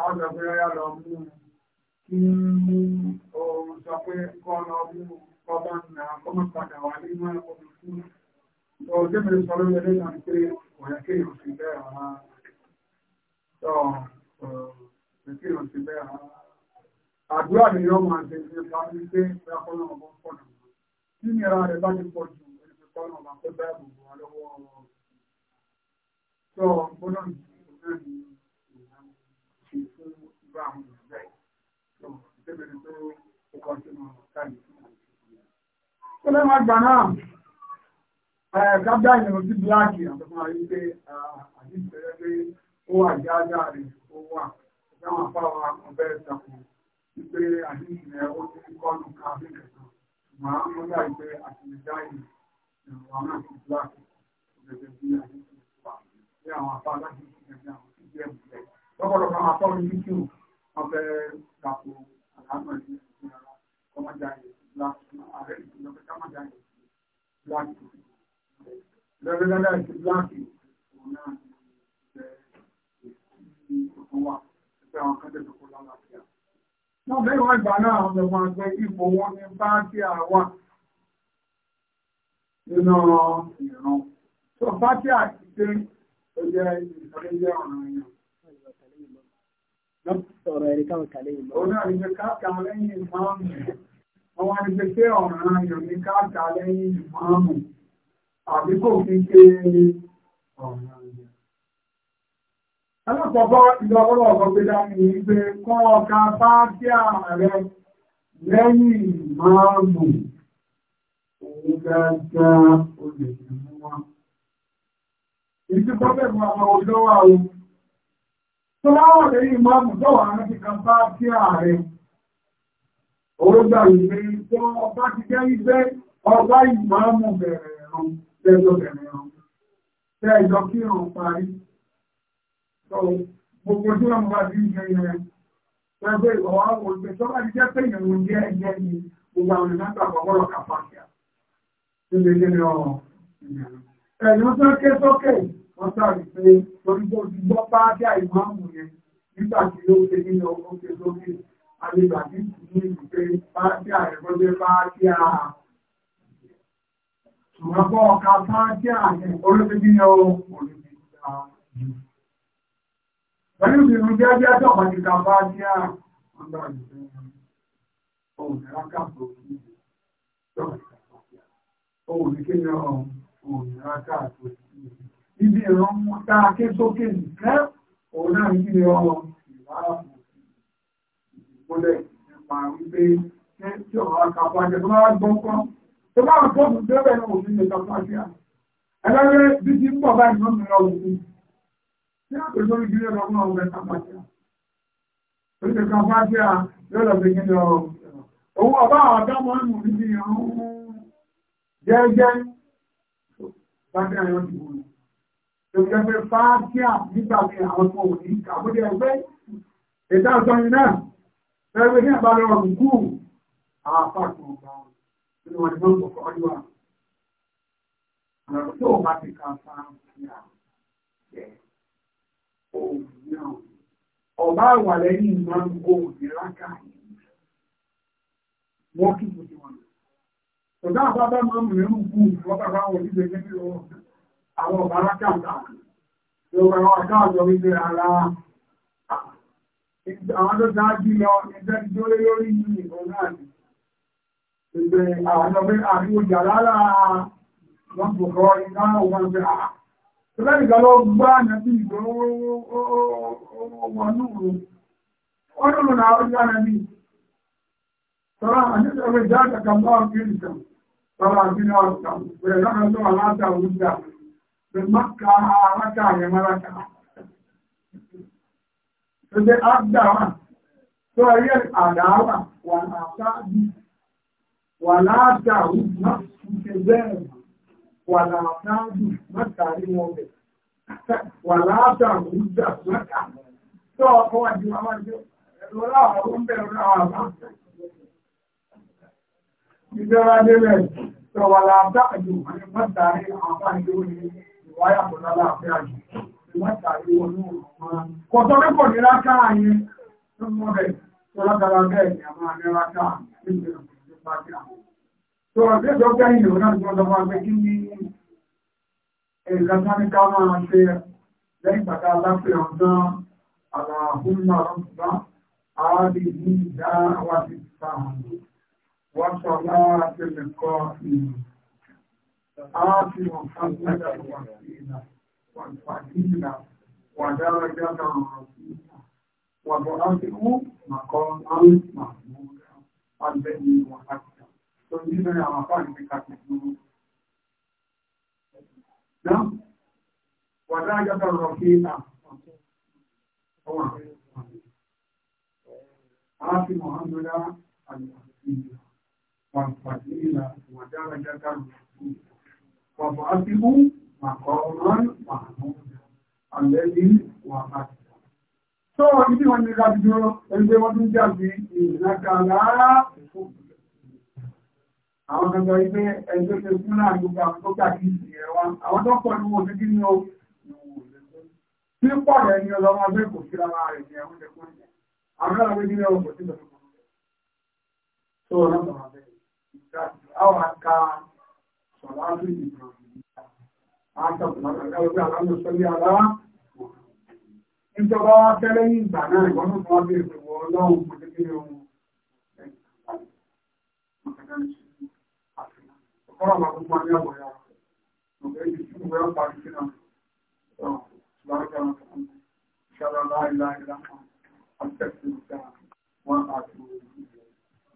S1: àgbàgbéráyà lọ mú kí òun sọ pé kọ́ lọ mú ọba nà kọ́mọ̀ padà wà nínú ọdún fún ọjọ́ mẹ́rin sọ lórí ẹlẹ́gbẹ̀ẹ́ náà pé òyà kéèyàn sì bẹ́ẹ̀ rárá àdúrà ni yóò máa ṣe ṣe bá ní pé ẹ̀kọ́nà ọ̀bọ̀ pọ̀nà kí ni ara rẹ̀ bá ti pọ̀ jù ẹ̀kọ́ kọ́nà ọ̀bà pé bá ẹ̀bùn wà lọ́wọ́ ọ̀rọ̀ tó gbọ́nà ìgbìyànjú ní ìlànà ṣe fún ìgbà àwọn ìgbẹ́ tó ìtẹ́bẹ̀rẹ̀ tó ọkọ̀ sí mọ̀ káyì fún àwọn ìgbìyànjú. tó lẹ́ máa gbà náà kábíyà ìyẹn sí bíláàkì àtọ́fún ayé pé àdìsẹ́rẹ́ pé ó wà jáde rẹ̀ ó wà táwọn afáwọn ọbẹ̀ ìtàkùn wípé àti ìrìnlẹ̀ ó ti ń kọ́nù káfí kẹsàn-án ṣùgbọ́n ó ń láì pé àti lè dáì ìrànwọ́ náà ti bíláàkì gẹ́gẹ́ bí àti ìṣèjọba bí àwọn afá láti ṣe gẹ́gẹ́ àwọn ti jẹ́ ìbílẹ̀. lọ́pọ̀lọpọ̀ àwọn afá orí yíṣù wọn fẹ́ níwọ̀n ìgbà náà àwọn ọmọ àgbẹ̀ ipò wọn ni bá tí a wà nínú ìran So bá tí a ti dé ó jẹ́ ìṣàlẹ́jẹ́ ọ̀nà èèyàn Sọ̀rọ̀ ẹ̀rí káwọn kàlẹ́ ìmọ̀. Ó náà ní pé káàkà lẹ́yìn ìmáàmù. Wọ́n wá ní pé pé ọ̀ràn ọ̀ràn. Alákọ̀ọ́bọ́ ìlọ́wọ́lọ́ ọ̀gọ́ gbé dání ní pé kọ́ ọ̀ka bá dí ààrẹ lẹ́yìn ìmáàmù òun dáadáa olè ìlú wọn. Ìdí pọ́pẹ̀ fún àwọn olówó àwọn. Tó bá wọ̀ lẹ́yìn ìmáàmù tó wà láti kan bá dí ààrẹ. Orógbà ìgbé tó ọba ti jẹ́ ìgbé ọba ìmáàmù bẹ̀rẹ̀ ẹ̀rùn lẹ́jọ́ bẹ̀rẹ̀ ẹ̀rùn. Tẹ́ ìjọ kírun parí gbogbo tí wọ́n bá bí ìyẹn yẹn pẹ̀lú ìwọ̀wá òṣè tó bá ti jẹ́ pé ìyẹn wọn jẹ́ ẹ̀jẹ̀ ni gbogbo àwọn ìlànà àpapọ̀lọ̀ kàfà kíá níbi ilé ní ọ̀rọ̀ ẹ̀yìn tó ké sókè wọ́n sáré pé torí bó ti gbọ́ bá dé àìmáàmù yẹn nígbà tí ó ṣe nínú òkè sókè àlebà ní ìlú pé bá dé àìgbọ́dé bá dé à ṣùgbọ́n bọ́ bá dé àìgbọ́dé bí ó òlùmí pẹ̀lú ìrìnà jẹ́jẹ́ àjọ́pàá ti kàbá ní àgbà ìrìnà ohun ìrákàbò ní ohun ìkéyàn ohun ìrákàbò ibi ìran mú táa ké sókè nìkẹ́ òun náà ń kí ọrọ̀ ìwárapò ìgbólẹ̀ nípa wípé tí ọ̀rọ̀ àkàbà jẹ́ tó máa gbọ́n kan tó máa gbọ́n tó bẹ̀rẹ̀ òfin ìjọba fásíà ẹlẹ́rẹ́ bí ti ń pọ̀ báyìí lọ́mìnira òfin Tíra pè lórí ìdílé lọ fún ọmọ ẹ̀ka pàṣẹ. Oríṣi kan pàṣẹ à yóò lọ gbẹ̀yìn lọ. Òun ọba àwọn àdámọ́ ìmù níbi ìrún jẹ́jẹ́. Pàṣẹ àyọ̀ ti wù. Lókè pé pàṣẹ nígbà mi àwọn ọmọ òní kàbódé ẹgbẹ́. Ìdá ìtọ́ni náà. Ẹgbẹ́ ní àbálẹ̀ ọ̀rùn kú. Àwọn apá kan ọ̀gá wọn. Nínú wọn ni wọ́n kọ̀ọ̀kan wà. Àwọn ọ̀rọ̀ tó bá ti kà sáà ń fi àwọn òmìniràn ọba àwà lẹ́yìn máa ń kó òmìnira káàkiri wọ́n kí gbogbo wọn ọ̀dá àbábá máa ń rìn rúgbù ọba bá wọn nígbè ní bí wọn àwọn ọba alákàtà lọ́wọ́ àwọn akáàjọ wípé ara àwọn tó dájú lọ ẹgbẹ́ tí ó lé lórí yìí ìbọn náà ni ìgbẹ́ àwọn ọmọ àríwó jà lára wọn kò kọ́ iná wọn fẹ́ àà Ìgbẹ́gbẹ̀ lọ gbá nàbí ìgbọ̀nwọ̀núrò. Ọdúnrún náà ó gbá nàbí. Tọ́lá àníṣẹ́ ọgbẹ̀ jáde kàmbá ọ̀gbẹ̀rìsàn. Tọ́lá àbí náà ọ̀tàn. Bẹ̀rẹ̀ lọ́nà tó àlátà òwúdà. Bẹ̀ mọ́kà àrákà àyẹ̀mọ́rákà. Ṣé àdáwà? Tó ayé àdáwà wà látà wù náà ṣe bẹ́ẹ̀ wàlá àtàdù látàrí wọn bẹ̀ wàlá àtàdù jà lákà tó ọkọ̀ wà ní wàlá jẹ́ lọ́la àwọn ń bẹ̀rù náà wà bá. Ìjọba débẹ̀ tó wàlá àtàdù látàrí àfáàní lórí ìwáyà kò lálá àfẹ́ àjù látàrí wọn náà máa. Kọ̀tọ́ mẹ́kọ̀ọ́ ní láká yẹn tó mọ́ bẹ̀ tó látara bẹ́ẹ̀ ni a máa ní láká nígbà tó ti pàdé tó ọ̀sẹ̀ tó kẹ́yìn lò náà tí wọ́n lọ máa gbé kí ní ẹ̀ka tó ní ká máa ṣe lẹ́yìn pàtà aláfẹ́ ọ̀sán àlàáhùnmá ọ̀sán àádìí ní ìdá wa ti sàn wọ́n sọ láti tó ní bẹ̀rẹ̀ àwọn afá ìgbé kàtì dúró. Náà, wàdá àjọta rọ̀ sí à ọwà. A fi Mọ̀hánmọ́dá àlùfáàfin wà pàdé ìlà wàdá àjọta rọ̀ sí. Wà bọ̀ á fi mú màkọ́ ọ̀rán màánú àlẹ́bí wà á ti. Sọ́ọ̀ ibi wọn ni ra dúró, ẹgbẹ́ wọn tún jáde ìlàkàlá ìfòkù àwọn gbogbo ẹgbẹ́ ẹgbẹ́ tó kún náà gbogbo àwọn tó gbà kí ìsìn ẹ̀rọ wa àwọn tó pọ̀ ní wọn ti kí ni ó tí pọ̀ rẹ̀ ni ọlọ́wọ́ abẹ́ kò sí lára rẹ̀ ní ẹ̀wọ́n tẹ̀kọ́ ní àwọn alábẹ́ kí ni ọkọ̀ sí lọ́dún kan tó ọ̀rọ̀ sọ̀rọ̀ abẹ́ àwọn aka sọ̀rọ̀ áfíì ìgbà àtọ̀ ọ̀rọ̀ aláwọ̀ sọ́lé ara níjọba wa tẹ́lẹ̀ ní ìgbà náà ìwọ́n tó wá bí ìpèwọ̀ ọlọ́run kò sí kí ni Fọ́nà máa fún wa ní àwọn ẹ̀yà. Òkè yìí fún ìwé ọ̀pá ìṣẹ́ náà. Bárakà ṣàlàlá ìlà ìlà kan. Àṣẹ́